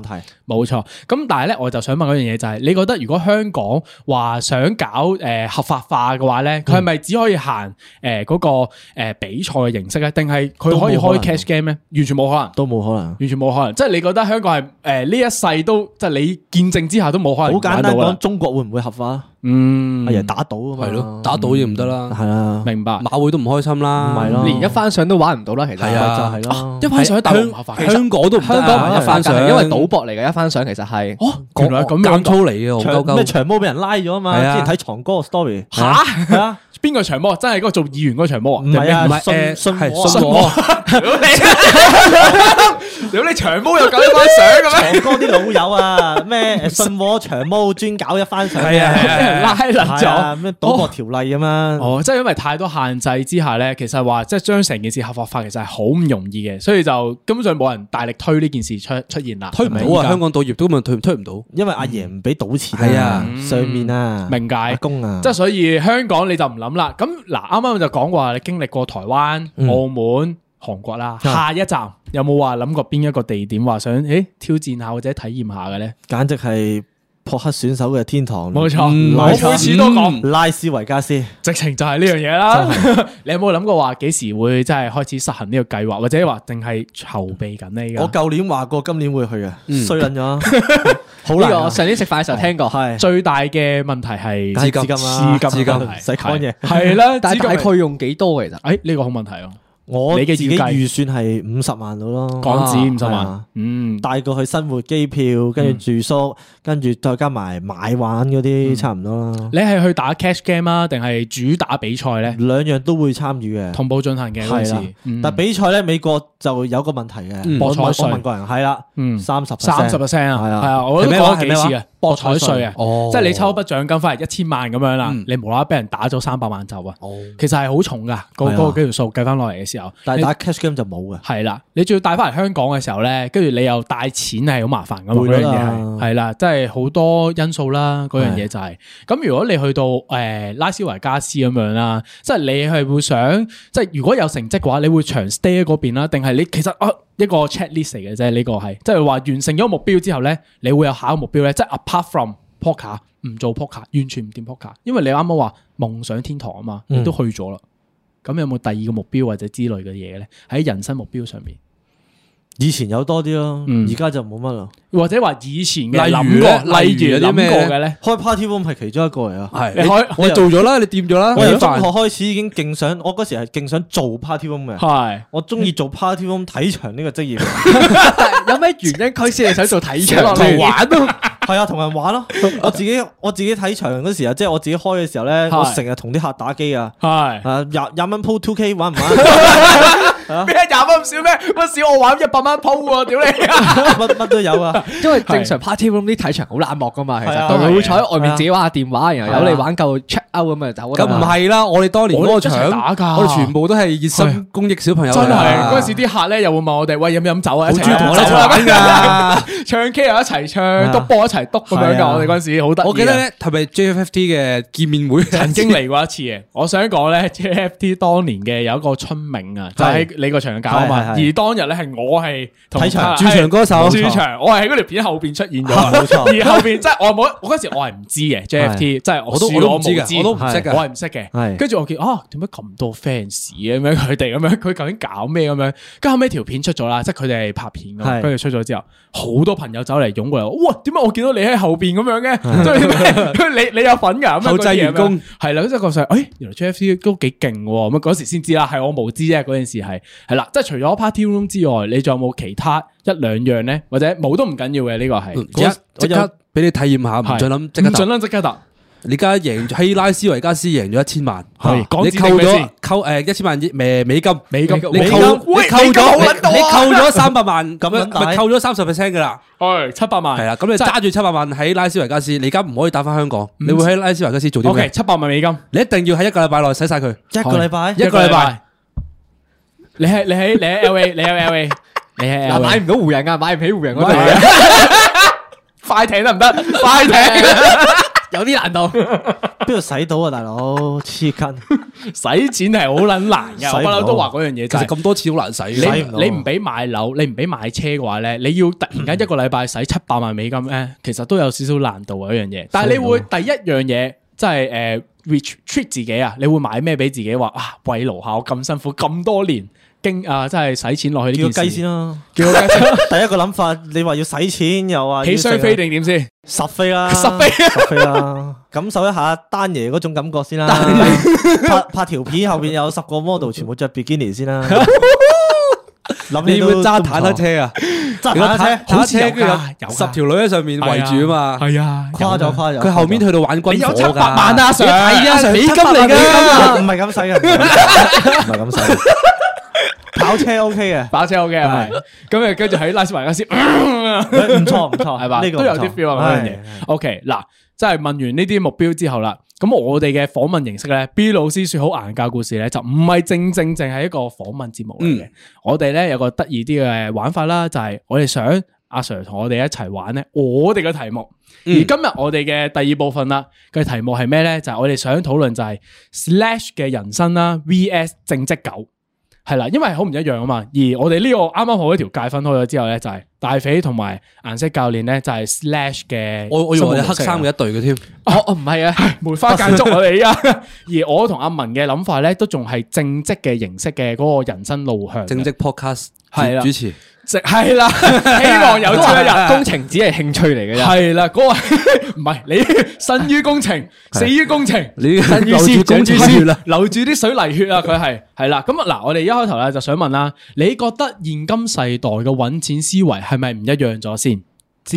冇錯。咁但係咧，我就想問一樣嘢就係，你覺得如果香港話想搞誒合法化嘅話咧，佢係咪只可以行誒嗰個誒比賽嘅形式咧，定係佢可以可開 cash game 咧？完全冇可能，都冇可、可能，完全冇可能。即係你覺得香港係誒呢一世都即係、就是、你見證之下都冇可能。好簡單講，中國會唔會合法？嗯，係啊，打賭係咯，打賭要唔得啦，係啊，明白，馬會都唔開心啦，唔係咯，連一番賞都玩唔到啦，係啊，就係咯，一番賞喺香香港都唔得，一番賞，因為賭博嚟嘅一番賞，其實係，哦，原來咁粗嚟嘅，咩長毛俾人拉咗啊嘛，之前睇藏哥個 story。邊個長毛？真係嗰個做議員嗰個長毛啊？唔係啊，唔係信信信我，如果你長毛又搞一班相咁樣，哥啲老友啊，咩信我長毛專搞一翻相，係啊，拉人咗，咩賭博條例咁樣？哦，即係因為太多限制之下咧，其實話即係將成件事合法化，其實係好唔容易嘅，所以就根本上冇人大力推呢件事出出現啦，推唔到啊！香港賭業都本推推唔到，因為阿爺唔俾賭錢，係啊，上面啊，明解公啊，即係所以香港你就唔諗。咁啦，咁嗱，啱啱就講話你經歷過台灣、嗯、澳門、韓國啦，下一站有冇話諗過邊一個地點話想誒、欸、挑戰下或者體驗下嘅咧？簡直係～撲克選手嘅天堂，冇錯，我每次都講拉斯維加斯，直情就係呢樣嘢啦。你有冇諗過話幾時會真係開始實行呢個計劃，或者話定係籌備緊呢？我舊年話過今年會去啊，衰捻咗，好難。上年食飯嘅時候聽過，係最大嘅問題係資金啦，資金唔使睇嘅，係啦，但係大概用幾多其實？誒，呢個好問題哦。我自己預算係五十萬到咯，港紙五十萬，嗯，帶過去生活、機票，跟住住宿，跟住再加埋買玩嗰啲，差唔多啦。你係去打 cash game 啊，定係主打比賽咧？兩樣都會參與嘅，同步進行嘅事。但比賽咧，美國就有個問題嘅，我問過人，係啦，嗯，三十，三十 percent 啊，係啊，係啊，我都講幾次啊。博彩稅啊，哦、即係你抽一筆獎金翻嚟一千萬咁樣啦，嗯、你無啦啦俾人打咗三百萬走啊，哦、其實係好重噶，嗰個幾條數計翻落嚟嘅時候，但係打 cash game 就冇嘅。係啦，你仲要帶翻嚟香港嘅時候咧，跟住你又帶錢係好麻煩噶嘛，嗰樣嘢係，係啦，即係好多因素啦，嗰樣嘢就係、是。咁如果你去到誒、呃、拉斯維加斯咁樣啦，即係你係會想，即係如果有成績嘅話，你會長 stay 嗰邊啦，定係你其實、啊一個 check list 嚟嘅啫，呢個係即係話完成咗目標之後呢，你會有下一個目標呢，即係 apart from poker 唔做 poker，完全唔掂 poker，因為你啱啱話夢想天堂啊嘛，你都去咗啦，咁，嗯，有冇第二個目標或者之類嘅嘢呢？喺人生目標上面。以前有多啲咯，而家就冇乜咯。或者話以前嘅例如，例如有諗過嘅咧，開 party room 係其中一個嚟啊。係，你做咗啦，你掂咗啦。我由中學開始已經勁想，我嗰時係勁想做 party room 嘅。係，我中意做 party room 睇場呢個職業。有咩原因驅使你想做睇場同玩咯？係啊，同人玩咯。我自己我自己睇場嗰時啊，即係我自己開嘅時候咧，我成日同啲客打機啊。係啊，廿廿蚊鋪 two k 玩唔玩？咩廿蚊咁少咩？咁少我玩一百蚊鋪喎，屌你！ 乜乜都有啊， 因為正常 party room 啲睇場好冷漠噶嘛，是啊、其實佢是、啊、會坐喺外面自己玩下電話，是啊、然後由你玩夠勾咁咪打？咁唔係啦，我哋當年嗰個場，我哋全部都係熱心公益小朋友。真係嗰陣時啲客咧，又會問我哋，喂，飲唔飲酒啊？一齊走下邊噶唱 K 又一齊唱，篤波一齊篤，咁樣噶。我哋嗰陣時好得意。我記得咧，同埋 J F T 嘅見面會曾經嚟過一次嘅。我想講咧 J F T 當年嘅有一個春茗啊，就喺李國祥搞。而當日咧係我係主場，駐場歌手，主場，我係喺嗰條片後邊出現咗，而後邊即係我冇，我嗰時我係唔知嘅 J F T，即係我都我無知。我都唔識嘅，的我係唔識嘅。係的，跟住我見啊，點解咁多 fans 咁樣？佢哋咁樣，佢究竟搞咩咁樣？跟住後尾條片出咗啦，即係佢哋係拍片咁。跟住出咗之後，好多朋友走嚟湧過嚟，哇！點解我見到你喺後邊咁樣嘅？即係你你有份噶？後製員工係啦，即係確實，哎，原來 JFC 都幾勁喎。咁嗰時先知啦，係我無知啫。嗰件事係係啦，即係除咗 Party Room 之外，你仲有冇其他一兩樣咧？或者冇都唔緊要嘅呢、這個係，即刻即刻俾你體驗下，唔的准諗，即刻答，唔准諗，即刻答。你而家贏喺拉斯維加斯贏咗一千萬，係你扣咗扣誒一千萬美美金，美金你扣你扣咗，你扣咗三百萬咁樣，咪扣咗三十 percent 噶啦，係七百萬係啦。咁你揸住七百萬喺拉斯維加斯，你而家唔可以打翻香港，你會喺拉斯維加斯做啲咩？七百萬美金，你一定要喺一個禮拜內使晒佢，一個禮拜一個禮拜。你喺你喺你喺 LA，你喺 LA，你喺 LA，買唔到湖人啊，買唔起湖人嗰度啊，快艇得唔得？快艇。有啲難度，邊度使到啊，大佬黐筋，使 錢係好撚難噶， 不到 我、就是、不嬲都話嗰樣嘢，就係咁多錢好難使。你唔俾買樓，你唔俾買車嘅話咧，你要突然間一個禮拜使七百萬美金咧， 其實都有少少難度啊，呢樣嘢。但係你會第一樣嘢、就是，即係誒 retreat 自己啊，你會買咩俾自己？話啊，慰勞下我咁辛苦咁多年。驚啊，真係使錢落去呢件事。叫雞先咯，叫雞，第一個諗法，你話要使錢，又話起雙飛定點先？十飛啦，十飛，十飛啦，感受一下丹爺嗰種感覺先啦。拍拍條片，後邊有十個 model 全部着比基尼先啦。你要唔要揸坦克車啊？坦克車，坦克車，好似有十條女喺上面圍住啊嘛。係啊，誇咗誇咗！佢後面去到玩軍火噶。百萬啊，上，美金嚟噶，唔係咁使啊，唔係咁使。跑車 OK 嘅，把車 OK 係，咁誒跟住喺拉斯維加斯，唔錯唔錯係吧？呢個都有啲 feel 啊，呢樣嘢 OK 嗱，即係問完呢啲目標之後啦，咁我哋嘅訪問形式咧，B 老師說好硬價故事咧，就唔係正正正係一個訪問節目嚟嘅，我哋咧有個得意啲嘅玩法啦，就係我哋想阿 Sir 同我哋一齊玩咧，我哋嘅題目，而今日我哋嘅第二部分啦嘅題目係咩咧？就係我哋想討論就係 Slash 嘅人生啦 VS 正職狗。係啦，因為好唔一樣啊嘛。而我哋呢個啱啱好一條界分開咗之後咧，就係、是、大肥同埋顏色教練咧，就係 Slash 嘅。我我以為黑衫嘅一隊嘅添。 哦，我唔係啊，梅花間竹我哋而家。 而我同阿文嘅諗法咧，都仲係正職嘅形式嘅嗰個人生路向。正職 Podcast 係啊，主持。係啦，希望有朝一日工程只係興趣嚟嘅。係啦，哥唔係你生於工程，死於工程，你留住點血啊？留住啲水泥血啊！佢係係啦。咁啊嗱，我哋一開頭咧就想問啦，你覺得現今世代嘅揾錢思維係咪唔一樣咗先？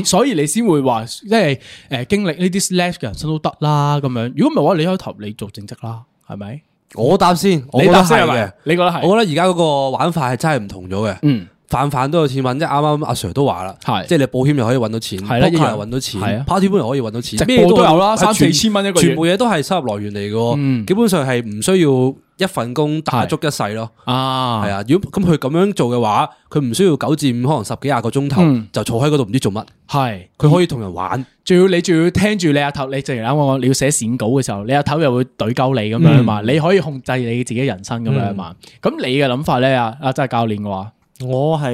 所以你先會話即係誒，經歷呢啲 slash 嘅人生都得啦咁樣。如果唔係嘅話，你開頭你做正職啦，係咪？我答先，你覺得係咪？你覺得係？我覺得而家嗰個玩法係真係唔同咗嘅。嗯。反反都有錢揾，即係啱啱阿 Sir 都話啦，即係你保險又可以揾到錢，撲克又揾到錢，party game 又可以揾到錢，咩都有啦，三四千蚊一個月，全部嘢都係收入來源嚟嘅，基本上係唔需要一份工打足一世咯。啊，係啊，如果咁佢咁樣做嘅話，佢唔需要九至五，可能十幾廿個鐘頭就坐喺嗰度唔知做乜。係，佢可以同人玩，仲要你仲要聽住你阿頭，你之前啱啱講你要寫剪稿嘅時候，你阿頭又會懟鳩你咁樣啊嘛，你可以控制你自己人生咁樣啊嘛。咁你嘅諗法咧，阿阿真係教練嘅話。我係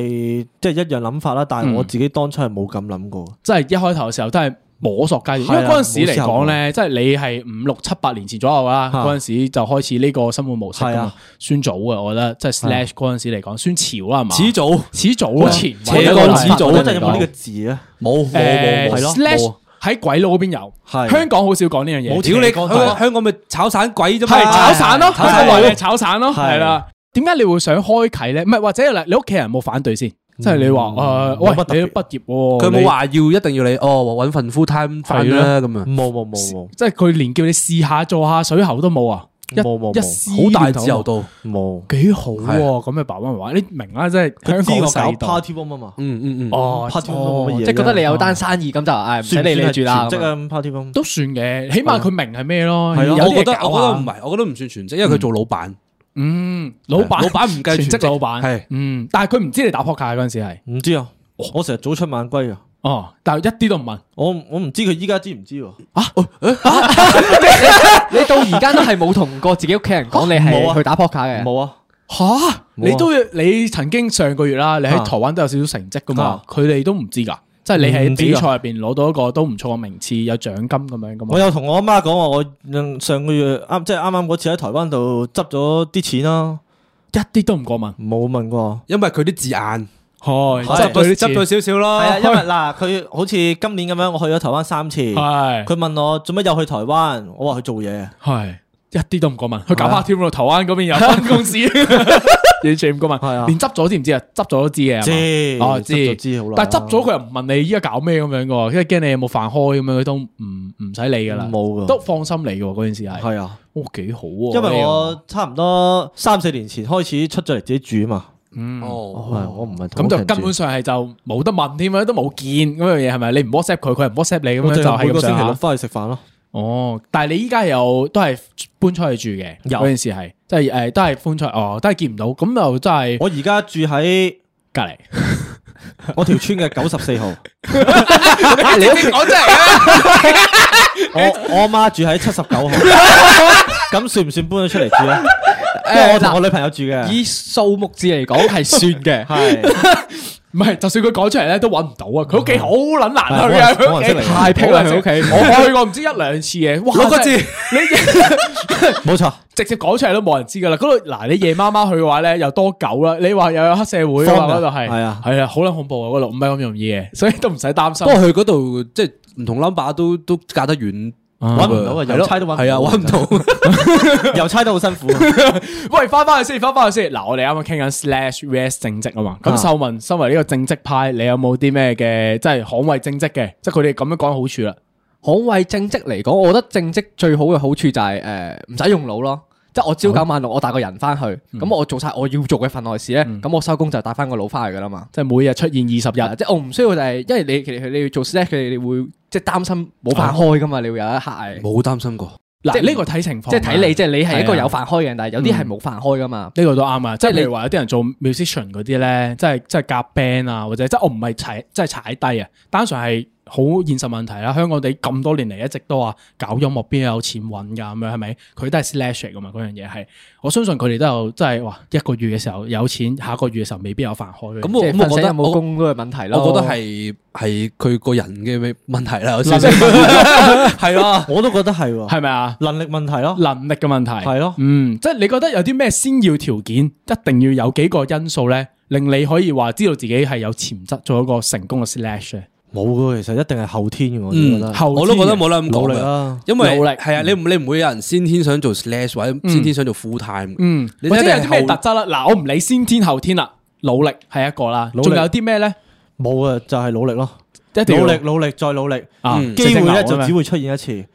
即係一樣諗法啦，但係我自己當初係冇咁諗過，即係一開頭嘅時候真係摸索階段，因為嗰陣時嚟講咧，即係你係五六七八年前左右啦，嗰陣時就開始呢個生活模式，係啊，算早嘅，我覺得即係 slash 陣時嚟講算潮啊係嘛，始早，始早，好前，而且個始早，真係有冇呢個字啊？冇，誒，係咯，slash 喺鬼佬嗰邊有，係香港好少講呢樣嘢，屌你，香港香港咪炒散鬼啫嘛，係炒散咯，炒炒散咯，係啦。點解你會想開啟咧？唔係或者你屋企人冇反對先？即係你話誒，喂，畢業佢冇話要一定要你哦，搵份 full time 啦咁樣。冇冇冇冇，即係佢連叫你試下做下水喉都冇啊！冇冇冇，好大自由度，冇幾好。咁啊，爸爸咪話你明啊，即係佢搞 party room 啊嘛。嗯嗯哦，party room 即係覺得你有單生意咁就誒，唔使你理住啦，全職啊 party room 都算嘅，起碼佢明係咩咯。係咯，我覺得我覺得唔係，我覺得唔算全職，因為佢做老闆。嗯，老闆，老闆唔計全職嘅老闆係，嗯，但係佢唔知你打撲卡嗰陣時係，唔知啊，我成日早出晚歸啊，哦，但係一啲都唔問，我我唔知佢依家知唔知喎，啊，你到而家都係冇同過自己屋企人講你係去打撲卡嘅？冇啊，吓，你都你曾經上個月啦，你喺台灣都有少少成績㗎嘛，佢哋都唔知㗎。即係你喺比賽入邊攞到一個都唔錯嘅名次，有獎金咁樣噶，我有同我阿媽講話，我上個月啱即係啱啱嗰次喺台灣度執咗啲錢咯，一啲都唔過問，冇問過，因為佢啲字眼，係對你執到少少咯。因為嗱，佢嘿好似今年咁樣，我去咗台灣三次，係佢嘿問我做乜又去台灣，我話去做嘢，係。一啲都唔過問，佢搞下添咯，台灣嗰邊有間公司，完全唔過問，連執咗知唔知啊？執咗都知嘅，知知，但係執咗佢又唔問你依家搞咩咁樣噶，因為驚你有冇飯開咁樣，佢都唔唔使理噶啦，冇都放心你噶，嗰件事係，係啊，都幾好啊，因為我差唔多三四年前開始出咗嚟自己住啊嘛，嗯哦，我唔係咁就根本上係就冇得問添啦，都冇見咁樣嘢係咪？你唔 WhatsApp 佢，佢唔 WhatsApp 你咁樣就係咁樣，翻去食飯咯。哦，但係你依家有都係搬出去住嘅，有陣時係即係誒、呃，都係搬出去，哦，都係見唔到，咁又真係。我而家住喺隔籬，我條村嘅九十四號。你講出我我阿媽住喺七十九號，咁算唔算搬咗出嚟住咧？誒、呃，因為我同我女朋友住嘅、呃。以數目字嚟講係算嘅，係。 唔係，就算佢講出嚟咧，都搵唔到啊！佢屋企好撚難去啊！太僻啦，佢屋企，我去過唔知一兩次嘅。哇！真係，呢啲冇錯，直接講出嚟都冇人知噶啦。嗰度嗱，你夜媽媽去嘅話咧，又多狗啦。你話又有黑社會，嗰度係係啊，係啊，好撚恐怖啊！嗰度唔係咁容易嘅，所以都唔使擔心。不過去嗰度即係唔同 number 都都隔得遠。揾唔到啊！郵差都揾唔到，係啊、嗯，揾唔到，又猜得好辛苦。 喂，翻翻去先，翻翻去先。嗱，我哋啱啱傾緊 Slash V S 正職啊嘛。咁秀文身為呢個正職派，你有冇啲咩嘅，即係捍衛正職嘅？即係佢哋咁樣講好處啦。捍衛正職嚟講，我覺得正職最好嘅好處就係誒唔使用腦咯。即係我朝九晚六，我帶個人翻去，咁、嗯、我做晒我要做嘅份內事咧，咁、嗯、我收工就帶翻個腦翻嚟噶啦嘛。嗯、即係每日出現二十日，即係我唔需要就係，因為你其實你要做 Slash，佢哋會。即係擔心冇飯開噶嘛，啊、你會有一刻冇擔心過。嗱，呢個睇情況，即係睇你，即係你係一個有飯開嘅人，嗯，但係有啲係冇飯開噶嘛。呢、嗯呢個都啱啊！即係例如話有啲人做 musician 嗰啲咧，即係即係夾 band 啊，或者即係我唔係踩，即係踩低啊，單純係。好現實問題啦，香港地咁多年嚟，一直都話搞音樂邊有錢搵噶咁樣係咪？佢都係 slash 嚟嘅嘛，嗰樣嘢係，我相信佢哋都有，即係哇一個月嘅時候有錢，下一個月嘅時候未必有飯開。咁我是我覺得冇工都係問題咯。我，我覺得係係佢個人嘅問題啦，有少少係啊，我都覺得係，係咪啊？能力問題咯，能力嘅問題係咯，的嗯，即係你覺得有啲咩先要條件，一定要有幾個因素咧，令你可以話知道自己係有潛質做一個成功嘅 slash 冇噶，其實一定係後天嘅，我覺得。我都覺得冇得咁講嘅，因為努力係啊，你你唔會有人先天想做 slash 或者先天想做 full time，你一定係後天，或者有咩特質啦。嗱，我唔理先天後天啦，努力係一個啦。仲有啲咩咧？冇啊，就係努力咯，努力努力再努力。機會咧就只會出現一次，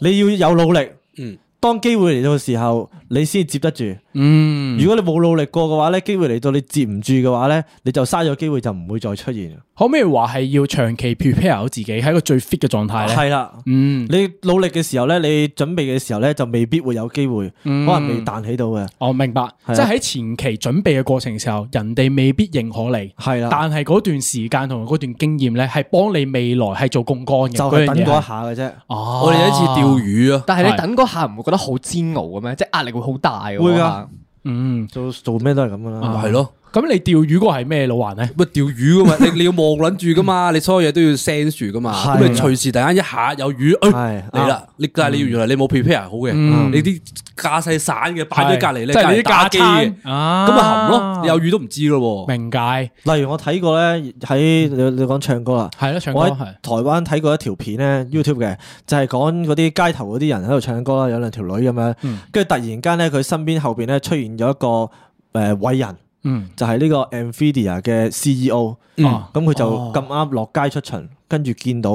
你要有努力。嗯。當機會嚟到嘅時候，你先接得住。嗯，如果你冇努力過嘅話咧，機會嚟到你接唔住嘅話咧，你就嘥咗機會就唔會再出現。可唔可以話係要長期 prepare 好自己喺個最 fit 嘅狀態咧？係啦的，嗯，你努力嘅時候咧，你準備嘅時候咧，就未必會有機會，可能未彈起到嘅。哦、嗯，我明白，的即係喺前期準備嘅過程時候，人哋未必認可你，係啦的。但係嗰段時間同嗰段經驗咧，係幫你未來係做槓桿嘅。就去等嗰下嘅啫，我哋有一次釣魚啊。但係你等嗰下唔會覺得好煎熬嘅咩？即係壓力會好大。會噶。嗯，做做咩都係咁噶啦，係咯、嗯。就是咁你釣魚嗰個係咩老環呢？喂，釣魚噶嘛？你你要望撚住噶嘛？你所有嘢都要 send 住噶嘛？咁你隨時突然一下有魚，係嚟啦！你但係你原來你冇 prepare 好嘅，你啲架細散嘅擺喺隔籬咧，即係啲架機嘅，咁咪含咯？有魚都唔知㗎。明解。例如我睇過咧，喺你你講唱歌啦，係咯唱歌，我喺台灣睇過一條片咧，YouTube 嘅，就係講嗰啲街頭嗰啲人喺度唱歌啦，有兩條女咁樣，跟住突然間咧，佢身邊後邊咧出現咗一個誒偉人。O，嗯，就係呢個 NVIDIA 嘅 CEO，嗯，咁佢就咁啱落街出巡。哦跟住見到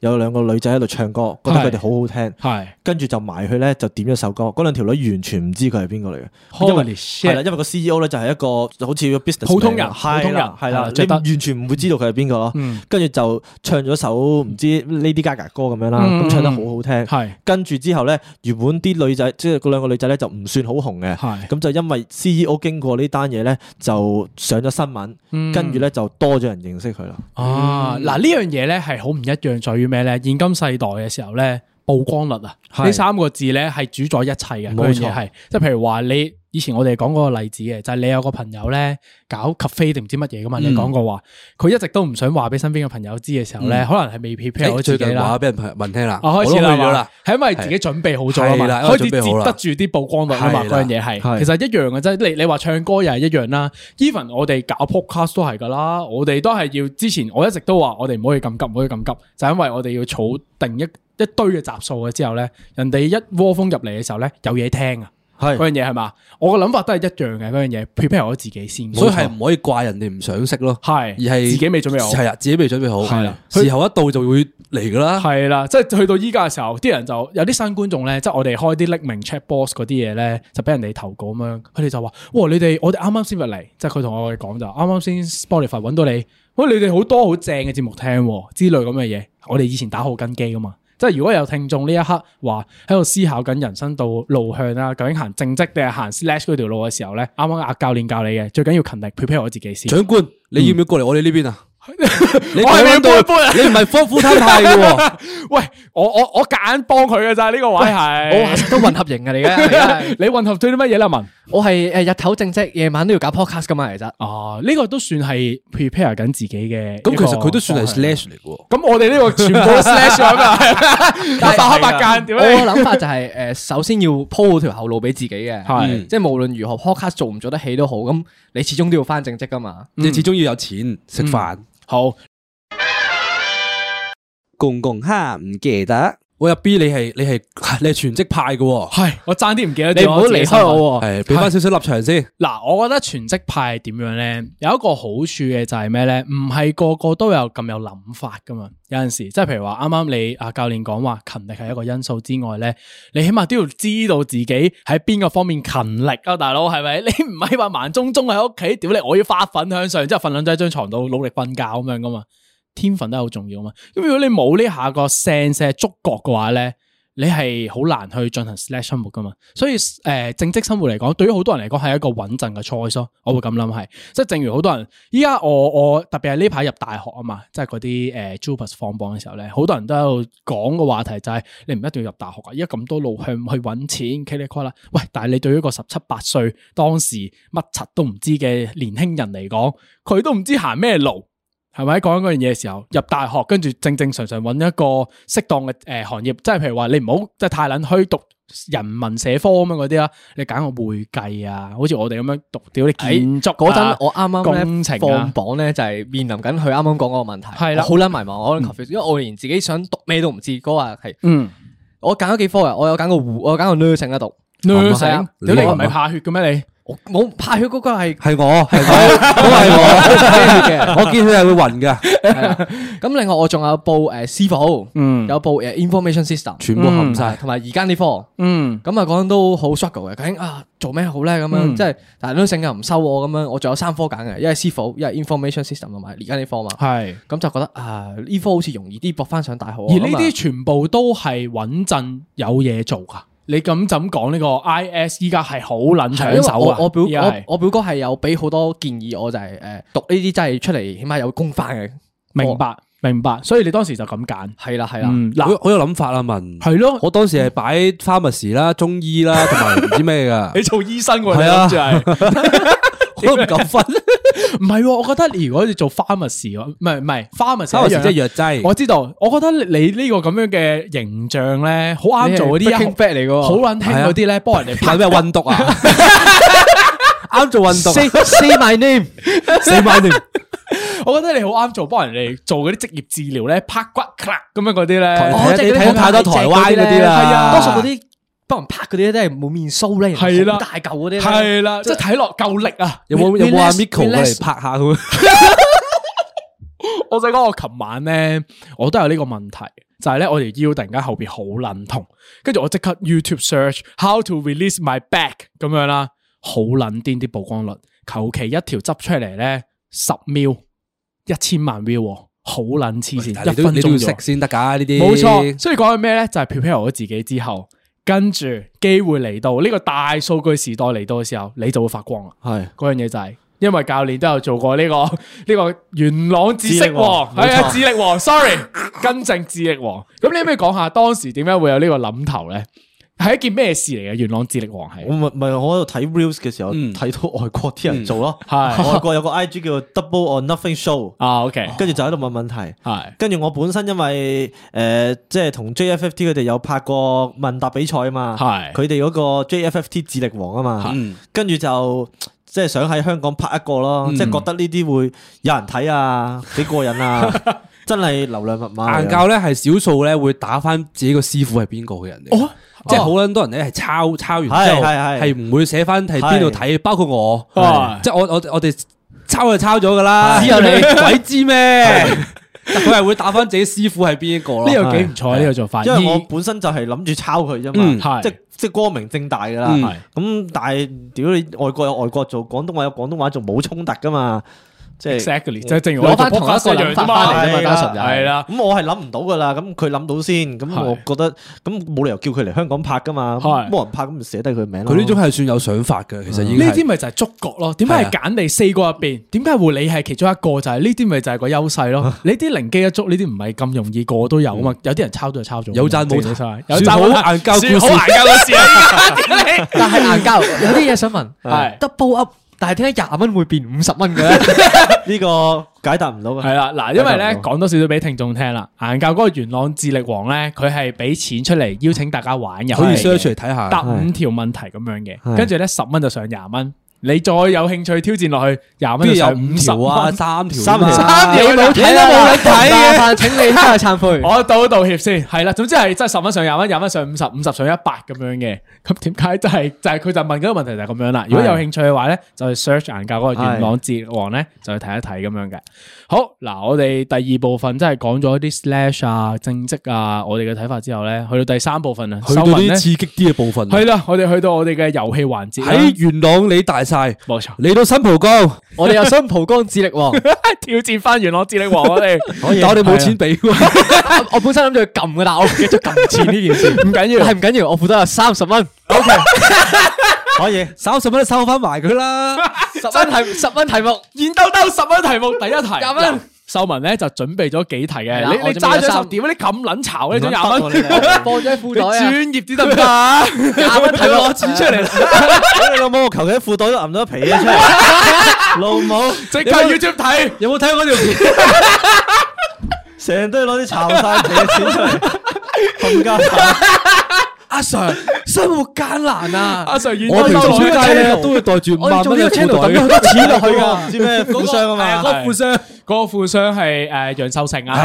有兩個女仔喺度唱歌，覺得佢哋好好聽，係跟住就埋去咧，就點咗首歌。兩條女完全唔知佢係邊個嚟嘅，因係啦，因為個 C E O 咧，就係一個好似 business 普通人、普通人係啦，你完全唔會知道佢係邊個咯。跟住就唱咗首唔知 Lady Gaga 歌咁樣啦，咁唱得好好聽，係跟住之後咧，原本啲女仔即係兩個女仔咧就唔算好紅嘅，係咁就因為 C E O 經過呢單嘢咧，就上咗新聞，跟住咧就多咗人認識佢啦。啊，嗱呢樣嘢咧～咧係好唔一樣，在於咩咧？現今世代嘅時候咧，曝光率啊，呢，係，三個字咧係主宰一切嘅，冇錯係，即係譬如話你。以前我哋講過個例子嘅，就係你有個朋友咧搞咖啡定唔知乜嘢噶嘛你講過話佢一直都唔想話俾身邊嘅朋友知嘅時候咧，可能係未 prepare 好自己啦，話俾人聞聽啦，開始啦，係因為自己準備好咗啦嘛，開始接得住啲曝光率啊嘛，嗰樣嘢係，其實一樣嘅啫。你你話唱歌又係一樣啦，even 我哋搞 podcast 都係噶啦，我哋都係要之前我一直都話我哋唔可以咁急，唔可以咁急，就因為我哋要儲定一一堆嘅集數嘅之後咧，人哋一窩蜂入嚟嘅時候咧，有嘢聽啊。係嗰是樣嘢係嘛，我嘅諗法都係一樣嘅嗰樣嘢，prepare 我自己先，錯所以係唔可以怪人哋唔想識咯，係是而係是自己未準備好，係啊的，自己未準備好，係啦，時候一到就會嚟噶啦，係啦，即係去到依家嘅時候，啲人就有啲新觀眾咧，即係我哋開啲匿名 check box 嗰啲嘢咧，就俾人哋投稿咁樣，佢哋就話，哇，你哋我哋啱啱先入嚟，即係佢同我哋講就，啱啱先 Spotify 揾到你，喂，你哋好多好正嘅節目聽，之類咁嘅嘢，我哋以前打好根基噶嘛。即係如果有聽眾呢一刻話喺度思考緊人生道路向啊，究竟行正職定係行 slash 嗰條路嘅時候咧，啱啱阿教練教你嘅最緊要勤力 prepare 我自己先。長官，你要唔要過嚟我哋呢邊啊？你唔係科夫太太嘅，喂！我我我夾硬幫佢嘅咋，呢個位係，都混合型嘅你！嘅。你混合咗啲乜嘢啦文？我係誒，日頭正職，夜晚都要搞 podcast 噶嘛，其實哦呢個都算係 prepare 緊自己嘅。咁其實佢都算係 slash 嚟嘅。咁我哋呢個全部都 slash 啊，白黑白間。我嘅諗法就係誒，首先要鋪好條後路俾自己嘅，係即係無論如何 podcast 做唔做得起都好，咁你始終都要翻正職噶嘛，即係始終要有錢食飯。好，公公唔記得。我入 B，你係你係你係全職派嘅。哦，係我爭啲唔記得你唔好離開我。哦，係俾翻少少立場是先。嗱，我覺得全職派係點樣咧？有一個好處嘅就係咩咧？唔係個個都有咁有諗法噶嘛。有陣時，即係譬如話啱啱你阿教練講話勤力係一個因素之外咧，你起碼都要知道自己喺邊個方面勤力啊，大佬係咪？你唔係話盲中中喺屋企，屌你，我要發奮向上，之後瞓兩仔張床度努力瞓覺咁樣噶嘛？天分都好重要啊嘛，咁如果你冇呢下個 sense 觸覺嘅話咧，你係好難去進行 slash 生活噶嘛，所以誒、呃、正職生活嚟講，對於好多人嚟講係一個穩陣嘅 choice 咯，我會咁諗係，即係正如好多人依家我我特別係呢排入大學啊嘛，即係嗰啲誒 jupas 放榜嘅時候咧，好多人都喺度講個話題就係、是、你唔一定要入大學啊，而家咁多路向去搵錢，killer，喂、呃，但係你對於一個十七八歲當時乜柒都唔知嘅年輕人嚟講，佢都唔知行咩路。係咪喺講緊嗰樣嘢嘅時候入大學，跟住正正常常揾一個適當嘅誒行業，即係譬如話你唔好即係太捻虛讀人文社科咁樣嗰啲啦，你揀個會計啊，好似我哋咁樣讀屌你建築嗰陣，我啱啱咧，放榜咧就係面臨緊佢啱啱講嗰個問題，係啦，好捻迷茫，我因為我連自己想讀咩都唔知，哥啊係，嗯，我揀咗幾科嘅，我有揀個護，我揀個 nursing 嘅讀 nursing，屌你唔係怕血嘅咩你？我冇怕血嗰個係係我係我，都係我，我見佢係會暈嘅。咁另外我仲有部誒，司法，嗯，有部誒，information system，全部含晒，同埋而家呢科，嗯，咁啊講都好 shock 嘅，究竟啊做咩好咧？咁樣即係，但係都成日唔收我咁樣，我仲有三科揀嘅，一係司法，一係 information system 同埋而家呢科嘛，係，咁就覺得啊呢科好似容易啲博翻上大學，而呢啲全部都係穩陣有嘢做噶。你咁怎咁講呢個 I S 依家係好撚搶手啊！我表我表哥係有俾好多建議，我就係誒讀呢啲真係出嚟，起碼有功法嘅。明白明白，所以你當時就咁揀，係啦係啦。嗯，好有好諗法啊！文係咯，我當時係擺 pharmacy 啦、中醫啦同埋唔知咩噶。你做醫生㗎？係啊。都唔夠分，唔係，我覺得如果你做 pharmacy，唔係唔係 pharmacy，即係藥劑。我知道，我覺得你呢個咁樣嘅形象咧，好啱做嗰啲 keep fit 嚟噶，好撚聽嗰啲咧，幫人哋拍咩運動啊？啱 做運動，Say my name，Say my name。 我覺得你好啱做，幫人哋做嗰啲職業治療咧，拍骨咁樣嗰啲咧，我哋睇太多台灣嗰啲啦，多數嗰啲。幫人拍嗰啲都係冇面 show 咧，好大舊嗰啲，係啦，即係睇落夠力啊！有冇有阿 Miko 嚟拍下佢？我想講，我琴晚咧，我都有呢個問題，就係咧，我條腰突然間後邊好卵痛，跟住我即刻 YouTube search how to release my back 咁樣啦，好卵癲啲曝光率，求其一條執出嚟咧，十秒一千萬 view，好卵黐綫，一分鐘食先得噶呢啲，冇錯。所以講緊咩咧？就係 prepare 咗自己之後。跟住機會嚟到，呢、這個大數據時代嚟到嘅時候，你就會發光啦。係嗰樣嘢就係，因為教練都有做過呢、這個呢、這個元朗知識王，係啊智力王，啊、智力王，sorry， 根正智力王。咁 你可唔可以講下當時點解會有個呢個諗頭咧？係一件咩事嚟嘅？元朗智力王係，唔係唔係，我喺度睇 reels 嘅時候睇、嗯、到外國啲人做咯，係、嗯、外國有個 IG 叫 Double or Nothing Show 啊，OK，跟住就喺度問問題，係是，跟住我本身因為誒即、呃、係同、就是、JFFT 佢哋有拍過問答比賽啊嘛，係是，佢哋嗰個 JFFT 智力王啊嘛，跟住是就即係想喺香港拍一個咯，即係、嗯、覺得呢啲會有人睇啊，幾過癮啊！ 真係流量密碼，顏教咧係少數咧會打翻自己個師傅係邊個嘅人嚟，即係好捻多人咧係抄抄完之後係唔會寫翻係邊度睇，包括我，即係我我我哋抄就抄咗噶啦，只有你鬼知咩？佢係會打翻自己師傅係邊一個咯，呢個幾唔錯呢個做法，因為我本身就係諗住抄佢啫嘛，即係即係光明正大噶啦，咁但係屌你外國有外國做，廣東話有廣東話仲冇衝突噶嘛。即係就係正如攞翻同一個樣發翻嚟啫嘛，單純係啦。咁我係諗唔到噶啦。咁佢諗到先，咁我覺得咁冇理由叫佢嚟香港拍噶嘛。冇人拍咁就寫低佢名。佢呢種係算有想法嘅，其實呢啲咪就係觸角咯。點解係揀你四個入邊？點解會你係其中一個？就係呢啲咪就係個優勢咯。你啲靈機一觸，呢啲唔係咁容易個個都有啊嘛。有啲人抄咗就抄咗，有贊冇踩曬，有贊冇踩，算好硬膠故事，算好硬膠故事啊！但係硬膠，有啲嘢想問，係 double up。但係點解廿蚊會變五十蚊嘅呢？呢 個解答唔到嘅。係啦，嗱，因為咧講多少少俾聽眾聽啦。顏教嗰個元朗智力王咧，佢係俾錢出嚟邀請大家玩遊戲，可以 search 嚟睇下答五條問題咁樣嘅，跟住咧十蚊就上廿蚊。你再有興趣挑戰落去廿蚊上五十啊，三條、啊、三條、啊，三條啊、你冇睇都冇睇嘅。請你睇下，慚愧。我道道，道歉先，係啦。總之係即係十蚊上廿蚊，廿蚊上五十，五十上一百咁樣嘅。咁點解？就係、係、就係佢就問嗰個問題就係咁樣啦。如果有興趣嘅話咧，的就去 search 研究嗰個元朗節王咧，就去、係、睇一睇咁樣嘅。好嗱，我哋第二部分即係講咗啲 slash 啊、正職啊，我哋嘅睇法之後咧，去到第三部分啊，去到刺激啲嘅部分。係啦，我哋去到我哋嘅遊戲環節喺元朗，你大。冇錯，嚟到新浦江，我哋有新浦江智力王挑戰翻元朗智力王，我哋可以，但係我哋冇錢俾，我本身諗住撳嘅，但我忘記咗撳錢呢件事，唔緊要，係唔緊要，我負責三十蚊，OK，可以，三十蚊收翻埋佢啦，十蚊題，十蚊題目，袁兜兜十蚊題目，第一題。秀文咧就準備咗幾題嘅，你揸張十點，你咁撚巢，呢？想廿蚊？放張褲袋啊！專業啲得唔得啊？睇我錢出嚟，老母求其褲袋都揞咗皮嘢出嚟。老母即刻要接睇，有冇睇我條片？成日都係攞啲巢晒皮嘅錢出嚟，冚家鏟！阿 Sir，生活艱難啊！阿 Sir 我做暑假咧都會袋住五萬蚊嘅褲袋嘅錢落去噶，唔知咩負傷啊嘛？係我負傷。嗰個富商係誒楊受成啊，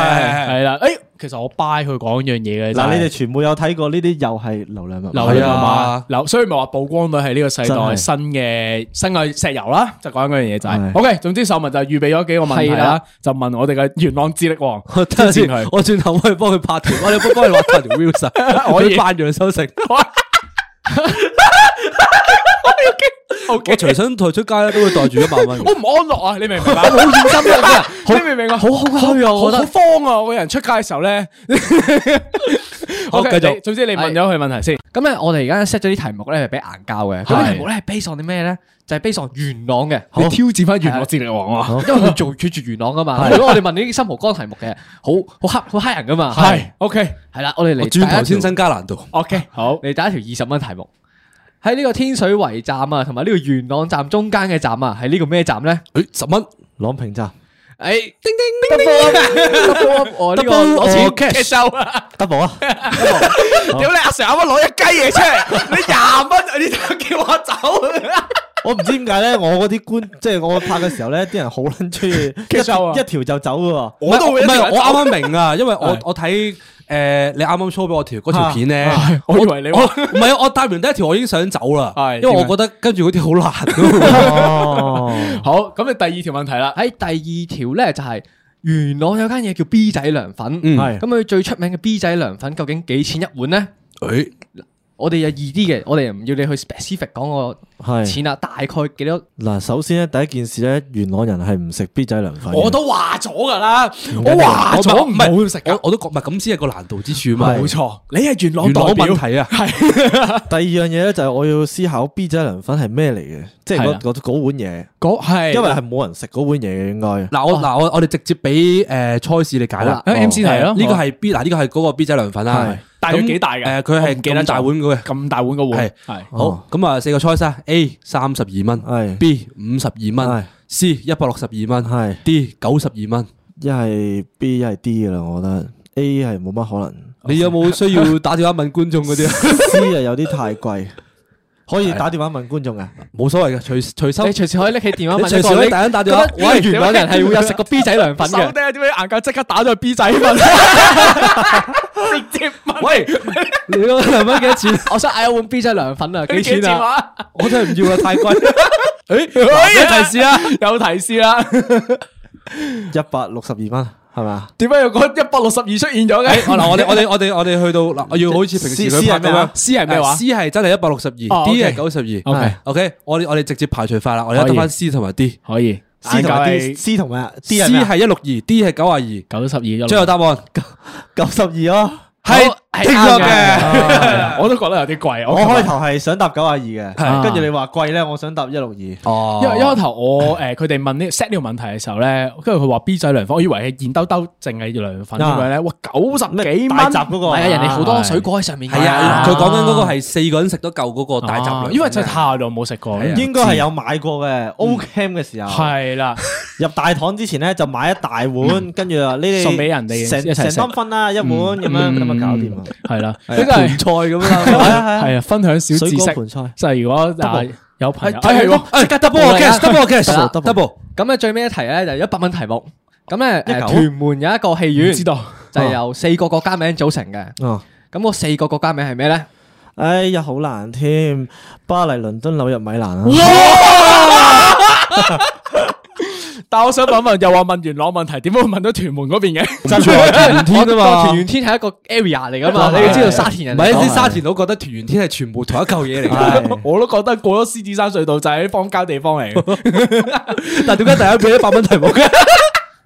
係啦，誒其實我 buy 佢講樣嘢嘅嗱，你哋全部有睇過呢啲又係流量密碼，係啊，流所以咪話曝光率係呢個世代新嘅新嘅石油啦，就講緊嗰樣嘢就係，OK，總之秀文就預備咗幾個問題啦，就問我哋嘅元朗智力王，等陣先，我轉頭可以幫佢拍條，我有冇幫佢畫條 Wilson，我要扮楊受成。我隨身抬出街咧，都會袋住一百蚊。我唔安樂啊，你明唔明白？我好認真啊，你明唔明啊？好好，係啊，我覺得好慌啊！我個人出街嘅時候咧好，繼續。總之你問咗佢問題先。咁咧，我哋而家 set 咗啲題目咧係俾顏教嘅。啲題目咧係 based on 啲咩咧？就係 based on 元朗嘅，你挑戰翻元朗智力王啊！因為佢做拒絕元朗啊嘛。如果我哋問啲心無光題目嘅，好好黑好黑人噶嘛。係 OK，係啦，我哋嚟轉頭先增加難度。OK，好，你打一條二十蚊題目。喺呢個天水圍站啊，同埋呢個元朗站中間嘅站啊，喺呢個咩站咧？誒、哎，十蚊朗平站。誒、哎，叮叮，double 我啊！得我呢個攞錢 cash 收 d 啊，屌你阿 Sir，我攞一雞嘢出嚟，你廿蚊你就叫我走。 我唔知點解咧，我嗰啲官，即係我拍嘅時候咧，啲人好捻專業，一一條就走噶。我都唔係，我啱啱明啊，因為我我睇誒，你啱啱 show 俾我條嗰條片咧，我以為你唔係，我帶完第一條我已經想走啦，因為我覺得跟住嗰條好難。好，咁就第二條問題啦，喺第二條咧就係元朗有間嘢叫 B 仔涼粉，咁佢最出名嘅 B 仔涼粉究竟幾錢一碗咧？誒，我哋有易啲嘅，我哋唔要你去 specific 講個。係錢啊，大概幾多嗱？首先咧，第一件事咧，元朗人係唔食 B 仔涼粉。我都話咗㗎啦，我話咗唔係，我都覺唔係咁先係個難度之處嘛。冇錯，你係元朗元朗問題啊。係第二樣嘢咧，就係我要思考 B 仔涼粉係咩嚟嘅？即係嗰嗰嗰碗嘢，嗰係因為係冇人食嗰碗嘢嘅。應該嗱我嗱我我哋直接俾誒菜市你解啦。MC 係咯，呢個係 B 嗱呢個係嗰個 B 仔涼粉啦。大約幾大嘅？誒，佢係幾撚大碗嘅？咁大碗個碗係係好咁啊，四個菜式啊。A 三十二蚊，係是 B 五十二蚊，係是 C 一百六十二蚊，係是 D 九十二蚊。一係 B 一係 D 噶啦，我覺得 A 係冇乜可能。你有冇需要打電話問觀眾嗰啲啊 ？C 係有啲太貴。可以打電話問觀眾啊，冇所謂嘅，隨隨時可以拎起電話問。隨時第一打電話，喂你，為哇原來人係會有食個 B 仔涼粉嘅。手點解硬夠即刻打咗去 B 仔粉？直接問。喂，你嗰個涼粉幾多錢？ 我想嗌一碗 B 仔涼粉啊，幾錢啊？我真係唔要啊，太貴。誒，有提示啦，有提示啦，一百六十二蚊。係嘛？點解又講一百六十二出現咗嘅？嗱，我哋我哋我哋我哋去到嗱，我要好似平時咁樣，C 係咩話？C 係真係一百六十二，D 係九十二。OK，OK，我我哋直接排除法啦，我而家得翻 C 同埋 D。可以，C 同埋 D。C 同埋咩？C 係一六二，D 係九廿二，九十二。最後答案九十二哦。係。係嘅，我都覺得有啲貴。我開頭係想答九啊二嘅，係跟住你話貴咧，我想答一六二。哦，因為一開頭我誒，佢哋問呢 set 呢個問題嘅時候咧，跟住佢話 B 仔涼粉，我以為係現兜兜淨係涼粉咁樣咧，哇，九十幾蚊大閘嗰個，係啊，人哋好多水果喺上面。係啊，佢講緊嗰個係四個人食都夠嗰個大閘涼，因為真係太耐，冇食過。應該係有買過嘅，O camp 嘅時候。係啦，入大堂之前咧就買一大碗，跟住呢啲送俾人哋，成成三分啦一碗咁樣，咁啊搞掂。係啦，盤菜咁啊，係啊，分享小知識，即係如果有朋友睇戲，double guess，double guess，double，咁咧最尾一題咧就一百蚊題目，咁咧誒，屯門有一個戲院，知道就由四個國家名組成嘅，咁個四個國家名係咩咧？哎呀，好難添，巴黎、倫敦、紐約、米蘭啊。但我想問一問，又話問元朗問題，點解會問到屯門嗰邊嘅？就住屯元天嘛，屯元天係一個 area 嚟噶嘛，你要知道沙田人，唔係啲沙田佬覺得屯元天係全部同一嚿嘢嚟，我都覺得過咗獅子山隧道就係啲荒郊地方嚟。但點解大家畀一百蚊題目嘅？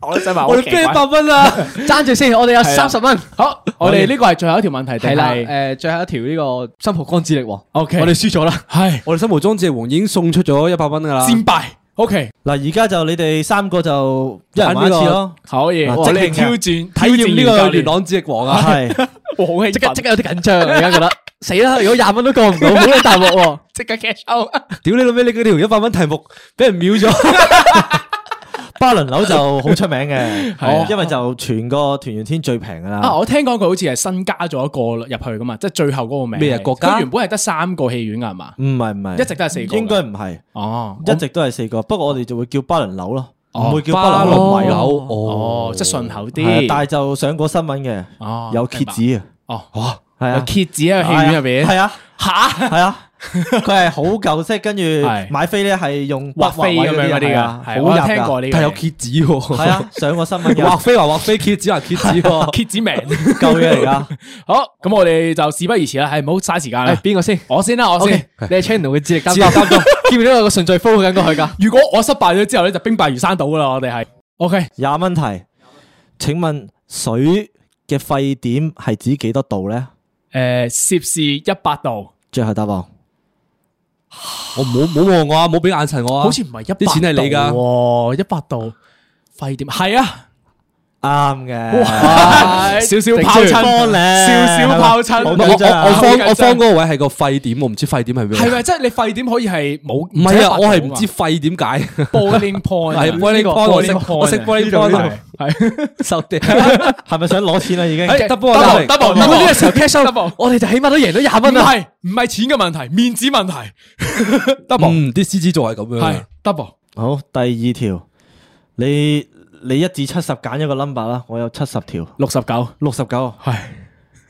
我真係，我畀一百蚊啊！爭住先，我哋有三十蚊。好，我哋呢個係最後一條問題，係嚟誒，最後一條呢個《新蒲光之王》。OK，我哋輸咗啦。係，我哋《新蒲光之王》已經送出咗一百蚊噶啦，戰敗。O K，嗱而家就你哋三個就一人玩一次咯，可以、這個，即刻挑戰，體驗呢個聯黨主席王啊，係、啊，是 好興奮即刻即刻有啲緊張，而家覺得死啦！ 如果廿蚊都過唔到，冇好理大鑊喎、啊， 即刻 cash out！屌你老味，你條一百蚊題目俾人秒咗。 巴倫樓就好出名嘅，係因為就全個團圓天最平噶啦。啊，我聽講佢好似係新加咗一個入去噶嘛，即係最後嗰個名。咩啊？國家？佢原本係得三個戲院噶係嘛？唔係唔係，一直都係四個。應該唔係哦，一直都係四個。不過我哋就會叫巴倫樓咯，唔會叫巴倫六米哦，即係順口啲。但係就上過新聞嘅，有蠍子。哦，吓，係啊，蠍子喺戲院入面係啊，吓，係啊。佢係好舊式，跟住買飛咧係用劃飛咁樣嗰啲噶，係我聽過呢個，但係有蠍子係啊。上個新聞劃飛話劃飛，蠍子話蠍子，蠍子名夠嘢嚟噶。好，咁我哋就事不宜遲啦，係唔好嘥時間啦。邊個先？我先啦，我先。你係 channel 嘅智力監督，見唔見到我嘅順序鋪緊過去噶？如果我失敗咗之後咧，就兵敗如山倒噶啦。我哋係 OK。廿問題，請問水嘅沸點係指幾多度咧？誒，攝氏一百度。最後答案。我唔好，唔好望我啊！唔好俾眼神我啊！好似唔係一啲錢係你噶，一百度費、啊、點係啊！啱嘅，少少拋親，少少拋親。我我我方我方嗰個位係個沸點，我唔知沸點係咩。係咪即係你沸點可以係冇？唔係啊，我係唔知沸點解。Boiling point。係，我識我識。係咪想攞錢啦？已經 double double。咁呢個時候 cash double 我哋就起碼都贏咗廿蚊。唔係唔係錢嘅問題，面子問題。double，啲獅子座係咁樣。double。好，第二條你。你一至七十揀一個 number 啦，我有七十條，六十九，六十九，係，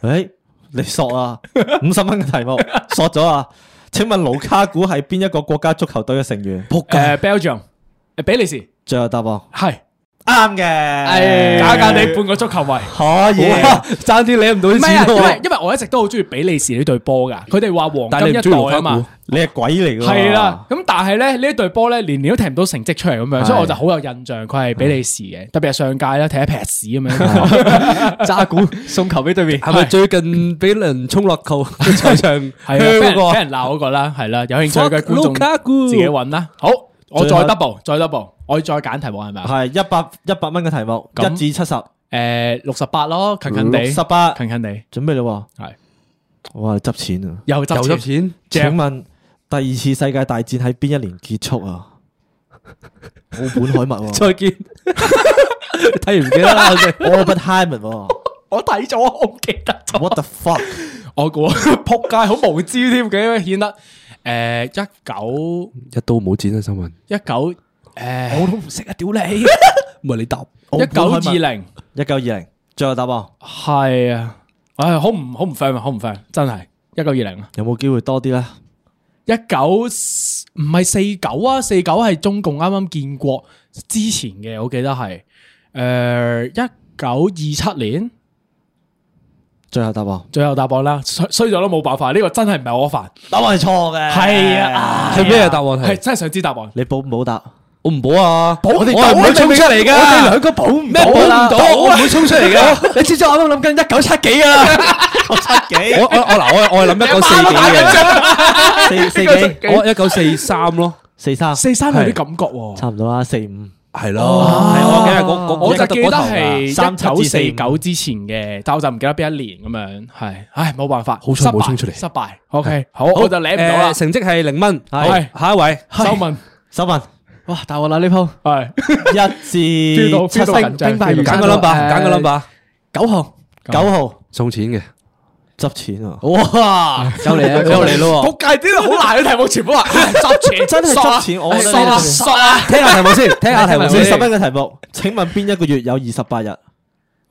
誒，你索啊，五十蚊嘅題目，索咗啊？請問盧卡古係邊一個國家足球隊嘅成員？誒，撲街，uh，Belgium，比利時。最後答案係。啱嘅，假假地半個足球位可以，爭啲你唔到錢。唔係，因為我一直都好中意比利時呢隊波噶，佢哋話黃金一代啊嘛，你係鬼嚟噶。係啦，咁但係咧呢一隊波咧年年都踢唔到成績出嚟咁樣，所以我就好有印象佢係比利時嘅，特別係上屆啦踢一劈屎咁樣，揸鼓送球俾對面，係咪最近俾人衝落球球場？係啊，俾人鬧嗰個啦，係啦，有興趣嘅觀眾自己搵啦，好。我再 double，再 double，我要再揀題目係咪？係一百一百蚊嘅題目，一至七十，誒六十八咯，近近地十八，近近地，準備咯，係，哇執錢啊，又執錢，請問第二次世界大戰喺邊一年結束啊？奧本海默，再見，睇完唔記得啦，奧本海默，我睇咗，我唔記得，what the fuck，我估，扑街，好無知添，咁樣顯得。誒，一九一刀冇剪嘅新聞，一九誒，我都唔識啊！屌你，唔係你答一九二零，一九二零，最後答案係啊！唉，好唔好唔 firm 啊，好唔 firm，真係一九二零啊！有冇機會多啲啦？一九唔係四九啊，四九係中共啱啱建國之前嘅，我記得係誒一九二七年。最後答案，最後答案啦，衰咗都冇辦法，呢個真係唔係我煩，答案係錯嘅，係啊，係咩嘢答案？係真係想知答案，你保唔保答？我唔保啊，我唔會衝出嚟噶，我哋兩個保唔到，我唔會衝出嚟噶，你知唔知我啱啱諗緊一九七幾啊？我七幾？我我我嗱，我我係諗一九四幾嘅，四四幾？我一九四三咯，四三，四三有啲感覺喎，差唔多啦，四五。係咯，係我記，我就記得係三七四九之前嘅，但我就唔記得邊一年咁樣，係，唉，冇辦法，好彩冇衝出嚟，失敗，OK，好，我就舐唔到啦，成績係零蚊，係，下一位，秀文，秀文，哇，大鑊啦呢鋪，係，一至七星，兵敗，揀個 number，揀個 number，九號，九號，送錢嘅。執錢啊！哇，又嚟啦，又嚟咯！仆街啲好難嘅題目，全部係執錢，真係執錢，我傻傻啊！聽下題目先，聽下題目先。十蚊嘅題目，請問邊一個月有二十八日？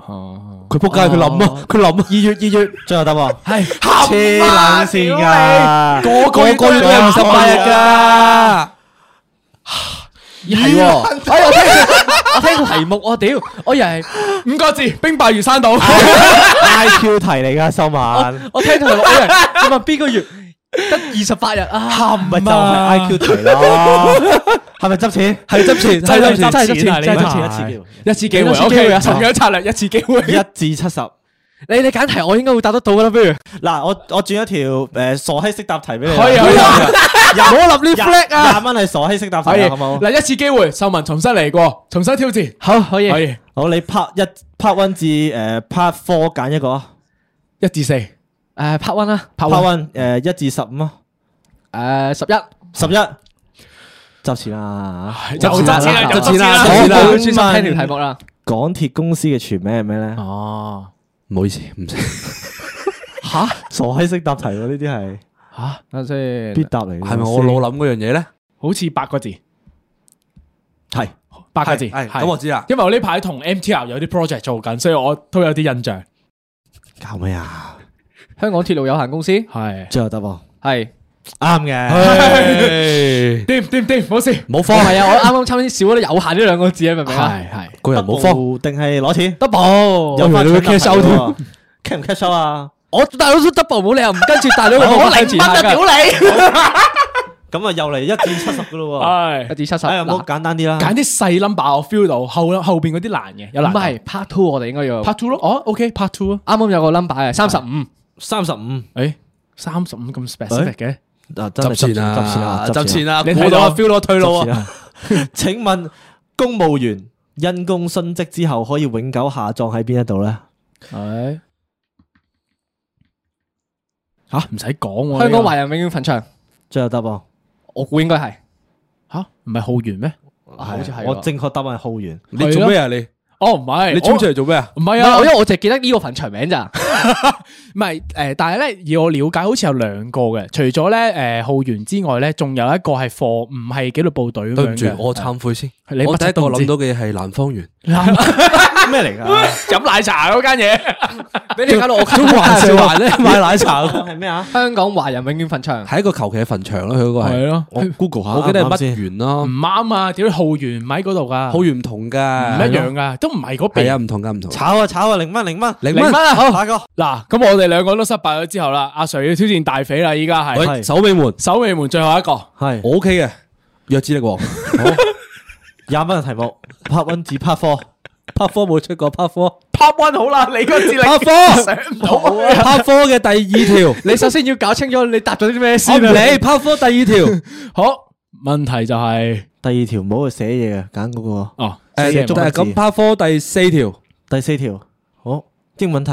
哦，佢仆街，佢諗啊，佢諗啊。二月，二月，最後答案係黐冷線噶，個個月都有二十八日噶。係喎。我聽個題目，我屌，我以為五個字，兵敗如山倒，I Q 題嚟噶，秀文。我聽以為你話，你問邊個月得二十八日啊？唔係，就係！I Q 題啦，係咪執錢？係執錢，真係執錢，真係執錢，真係執錢一次機會，一次機會，OK 啊？策略一次機會，一至七十。你你揀題，我應該會答得到噶啦。不如嗱，我我轉一條誒傻閪式答題俾你，唔好立呢 flag 啊！廿蚊係傻閪式答題，好唔好？嗱，一次機會，秀文重新嚟過，重新挑戰，好可以可以。好，你 part 一 part one 至誒 part four 揀一個，一至四誒 part one 啦，part one 誒一至十五啊，誒十一十一，就錢啦，就執錢啦，執錢啦，好，專注聽條題目啦。港鐵公司嘅全名係咩咧？哦。唔好意思，唔識吓，傻閪識答題喎？呢啲係吓，啱先必答嚟，係咪我腦諗嗰樣嘢咧？好似八個字，係八個字，係咁我知啦。因為我呢排同 MTR 有啲 project 做緊，所以我都有啲印象。搞咩啊？香港鐵路有限公司係最後答案。係。啱嘅，掂掂掂，冇事冇方係啊！我啱啱差啲少咗有限呢兩個字啊，明唔明啊？係係，個人冇方定係攞錢？double 有冇會 cash 收添？cash 唔 cash 收啊？我大佬出 double 冇理由唔跟住大佬，我嚟得得屌你！咁啊，又嚟一至七十噶咯喎，係一至七十。哎呀，好簡單啲啦，揀啲細 number，我 feel 到後後邊嗰啲難嘅，有難。唔係 part two，我哋應該要 part two 咯。哦，OK，part two。啱啱有個 number 啊，三十五，三十五，誒，三十五咁嘅。嗱，執錢啦，執錢啦，執錢啦！你睇到 feel 到退路啊？請問公務員因公殉職之後可以永久下葬喺邊一度咧？誒，吓唔使講，香港華人永遠墳場。最後答案，我估應該係吓，唔係浩園咩？好似係。我正確答案係浩園。你做咩啊？你？哦，唔係。你衝出嚟做咩啊？唔係啊，因為我我淨係記得呢個墳場名咋。唔係誒，但係咧，以我了解，好似有兩個嘅，除咗咧誒浩源之外咧，仲有一個係貨，唔係紀律部隊。對唔住，我懺悔先。你我第一我諗到嘅係蘭芳園。咩嚟噶？飲奶茶嗰間嘢，俾你搞到我開玩笑啦！買奶茶係咩啊？香港華人永遠墳場，係一個求其嘅墳場咯。佢嗰個係咯，我 Google 下，我記得乜園咯？唔啱啊！屌浩源唔喺嗰度噶，浩源唔同噶，唔一樣噶，都唔係嗰邊。啊，唔同噶，唔同。炒啊炒啊，零蚊零蚊零蚊好，大哥。嗱，咁我哋兩個都失敗咗之後啦，阿 Sir 要挑戰大匪啦。依家係守尾門，守尾門最後一個係 OK 嘅弱智力王廿蚊嘅題目。part one 字，part four，part four 冇出過，part four，part one 好啦。你個智力 part four 上唔到，part four 嘅第二條，你首先要搞清楚你答咗啲咩先啊。你 part four 第二條好問題就係第二條唔好寫嘢啊，揀嗰個哦。誒，但係咁 part four 第四條，第四條好英文題。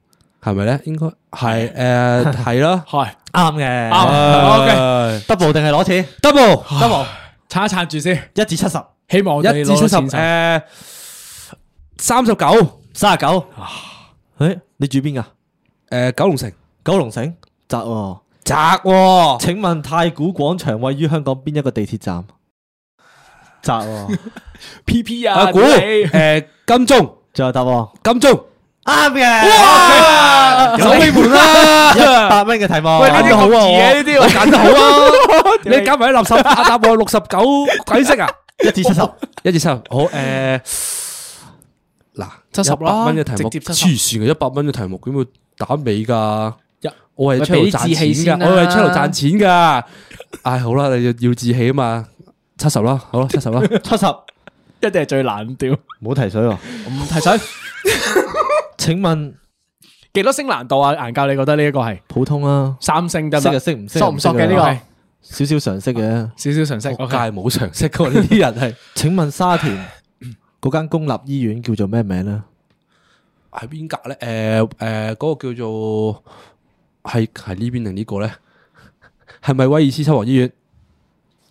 係咪咧？應該係誒，係咯，係啱嘅，OK。double 定係攞錢？double，double，撐一撐住先，一至七十，希望一至七十。三十九，三十九。誒，你住邊噶？誒，九龍城，九龍城，窄喎，窄喎。請問太古廣場位於香港邊一個地鐵站？宅喎，PP 啊，古，誒，金鐘，仲有答我，金鐘。啱嘅，哇，走起門啦，一百蚊嘅題目，揀啲好啊，呢啲，揀得好啊，你揀埋啲垃圾，打唔六十九，睇色啊，一至七十，一至七十。好誒，嗱，七十啦，蚊嘅題目，痴綫嘅一百蚊嘅題目，咁要打尾噶，一，我係出嚟賺錢㗎，我係出嚟賺錢噶，唉，好啦，你要要志氣啊嘛，七十啦，好啦，七十啦，七十，一定係最難屌，唔好提水喎，唔提水。請問幾多星難度啊？顏教你覺得呢一個係普通啊？三星嘅識唔識？熟唔熟嘅呢個？少少常識嘅，少少常識。梗係冇常識嘅呢啲人係。請問沙田嗰間公立醫院叫做咩名咧？喺邊格咧？誒誒，嗰個叫做係係呢邊定呢個咧？係咪威爾斯親王醫院？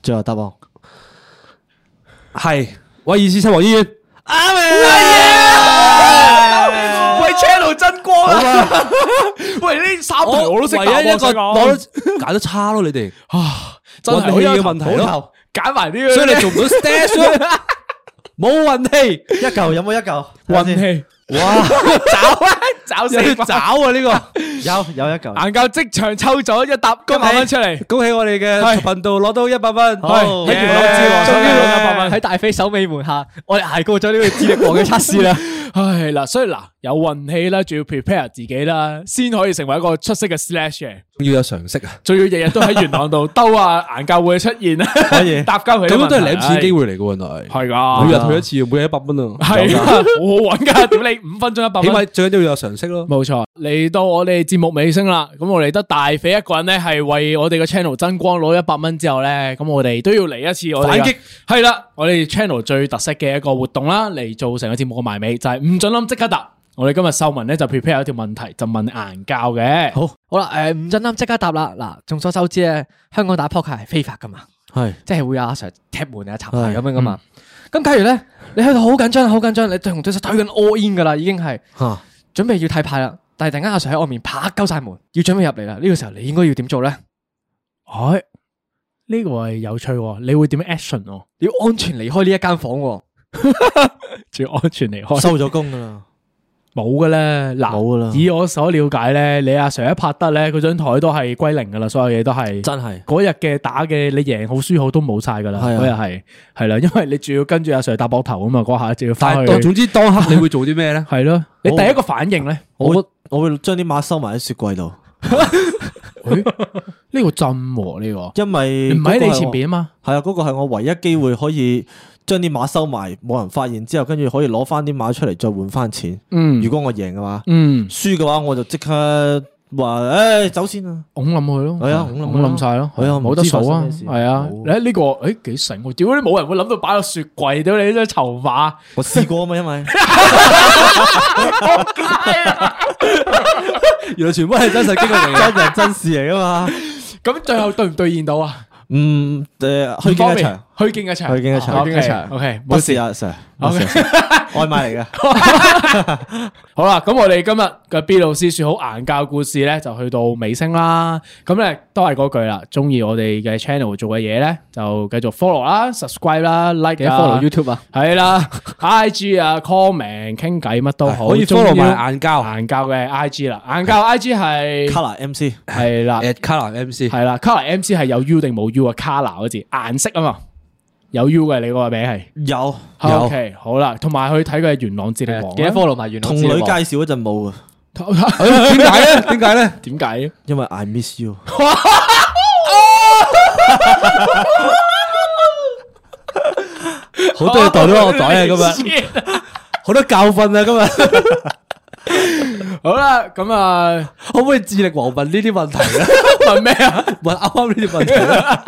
最後答案：係威爾斯親王醫院。啱真光啦！喂，呢三題我都識答，唯一一個我揀得差咯，你哋啊，真係可以嘅問題咯，揀埋呢啲，所以你做唔到 s t a i r 冇運氣，一嚿有冇一嚿運氣？哇，找啊找死，找啊呢個有有一嚿，硬夠即場抽咗一沓一百蚊出嚟，恭喜我哋嘅頻道攞到一百蚊。喺田樂志，終於有一百蚊。喺大飛手尾門下，我哋挨過咗呢個智力王嘅測試啦。唉嗱，所以嗱有運氣啦，仲要 prepare 自己啦，先可以成為一個出色嘅 slash。要有常識啊，仲要日日都喺元朗度兜啊，顏教會出現啊，乜嘢搭交佢，咁都係兩次機會嚟嘅喎，係係噶，每日去一次，每日一百蚊啊，係，好好玩噶，點你五分鐘一百蚊？最緊都要有常識咯，冇錯。嚟到我哋節目尾聲啦，咁我嚟得大肥一個人咧，係為我哋嘅 channel 增光攞一百蚊之後咧，咁我哋都要嚟一次我哋啊，係啦，我哋 channel 最特色嘅一個活動啦，嚟做成個節目嘅埋尾就係。唔準諗，即刻答！我哋今日秀文咧就 prepare 有條問題就問顏教嘅，好好啦，誒、呃，唔準諗，即刻答啦！嗱、呃，眾所周知咧，香港打撲克係非法噶嘛，係是即係會有阿 sir 踢門啊、插是，牌咁樣噶嘛。咁假如咧，你喺度好緊張、好緊張，你同對手推緊 all in 噶啦，已經係哈準備要睇牌啦，但係突然間阿 sir 喺外面啪鳩晒門，要準備入嚟啦，呢、這個時候你應該要點做咧？哎，呢、這個係有趣、哦，你會點樣 action？你要安全離開呢一間房、哦。最安全離開，收咗工啦，冇噶啦，嗱，冇噶啦。以我所了解咧，你阿 Sir 一拍得咧，嗰張台都係歸零噶啦，所有嘢都係真係。嗰日嘅打嘅，你贏好輸好都冇晒噶啦，嗰日係係啦，因為你仲要跟住阿 Sir 搭膊頭啊嘛，嗰下就要返去。但係總之，當刻你會做啲咩咧？係咯，你第一個反應咧，我我會將啲馬收埋喺雪櫃度。呢個震，喎，呢個，因為唔係你，你前面啊嘛，係啊，嗰、嗰個係我唯一機會可以將啲碼收埋，冇人發現之後，跟住可以攞返啲碼出嚟再換返錢。嗯，如果我贏嘅話，嗯，輸嘅話我就即刻。話誒，走先啊！我諗佢咯，係啊，我諗晒咯，係啊，冇得數啊，係啊。誒，呢個誒幾神喎？點解冇人會諗到擺喺雪櫃度？你呢張籌碼，我試過啊嘛，因為原來全部係真實經歷，真係真事嚟噶嘛。咁最後對唔兌現到啊？唔誒，去邊一場？去見一場，去見一場，OK，冇事啊，Sir，外賣嚟㗎。好啦，咁我哋今日嘅 B 老師說好顏教故事咧，就去到尾聲啦。咁咧都係嗰句啦，中意我哋嘅 channel 做嘅嘢咧，就繼續 follow 啦，subscribe 啦，like 啊，follow YouTube 啊，係啦，IG 啊，comment 傾偈乜都好，可以 follow 埋顏教顏教嘅 IG 啦，顏教 IG 係 Color MC 係啦，at Color MC 係啦，Color MC 係有 U 定冇 U 啊，Color 嗰字顏色啊嘛。有 U 嘅你個名係有，OK 好啦，同埋去睇佢係元朗接力王，記得 follow 埋元朗接力王。同女介紹嗰陣冇啊？點解咧？點解咧？點解？因為 I miss you。好多嘢都落袋啊！今日好多教訓啊！今日。好啦，咁啊，可唔可以致力狂問呢啲問題咧？問咩啊？問啱啱呢啲問題啦。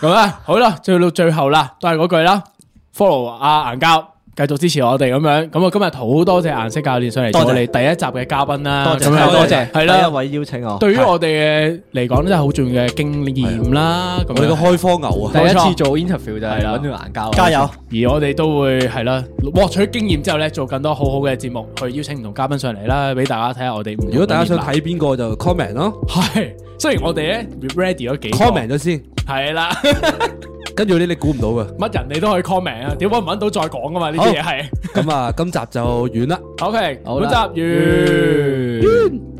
咁啊，好啦，就到最後啦，都係嗰句啦，follow 阿顏教。繼續支持我哋咁樣，咁我今日好多謝顏色教練上嚟，多謝你第一集嘅嘉賓啦，多謝多謝，係啦一位邀請我，對於我哋嘅嚟講真係好重要嘅經驗啦，的我哋嘅開科牛啊，第一次做 interview 就係揾住顏教，加油！而我哋都會係啦，獲取經驗之後咧做更多好好嘅節目，去邀請唔同嘉賓上嚟啦，俾大家睇下我哋。如果大家想睇邊個就 comment 咯，係雖然我哋咧 ready 咗幾 comment 咗先，係啦了。 跟住啲你估唔到噶，乜人你都可以 call 名啊！屌我唔揾到再講噶嘛，呢啲嘢係。咁 啊，今集就完啦。OK，好啦，本集完。完完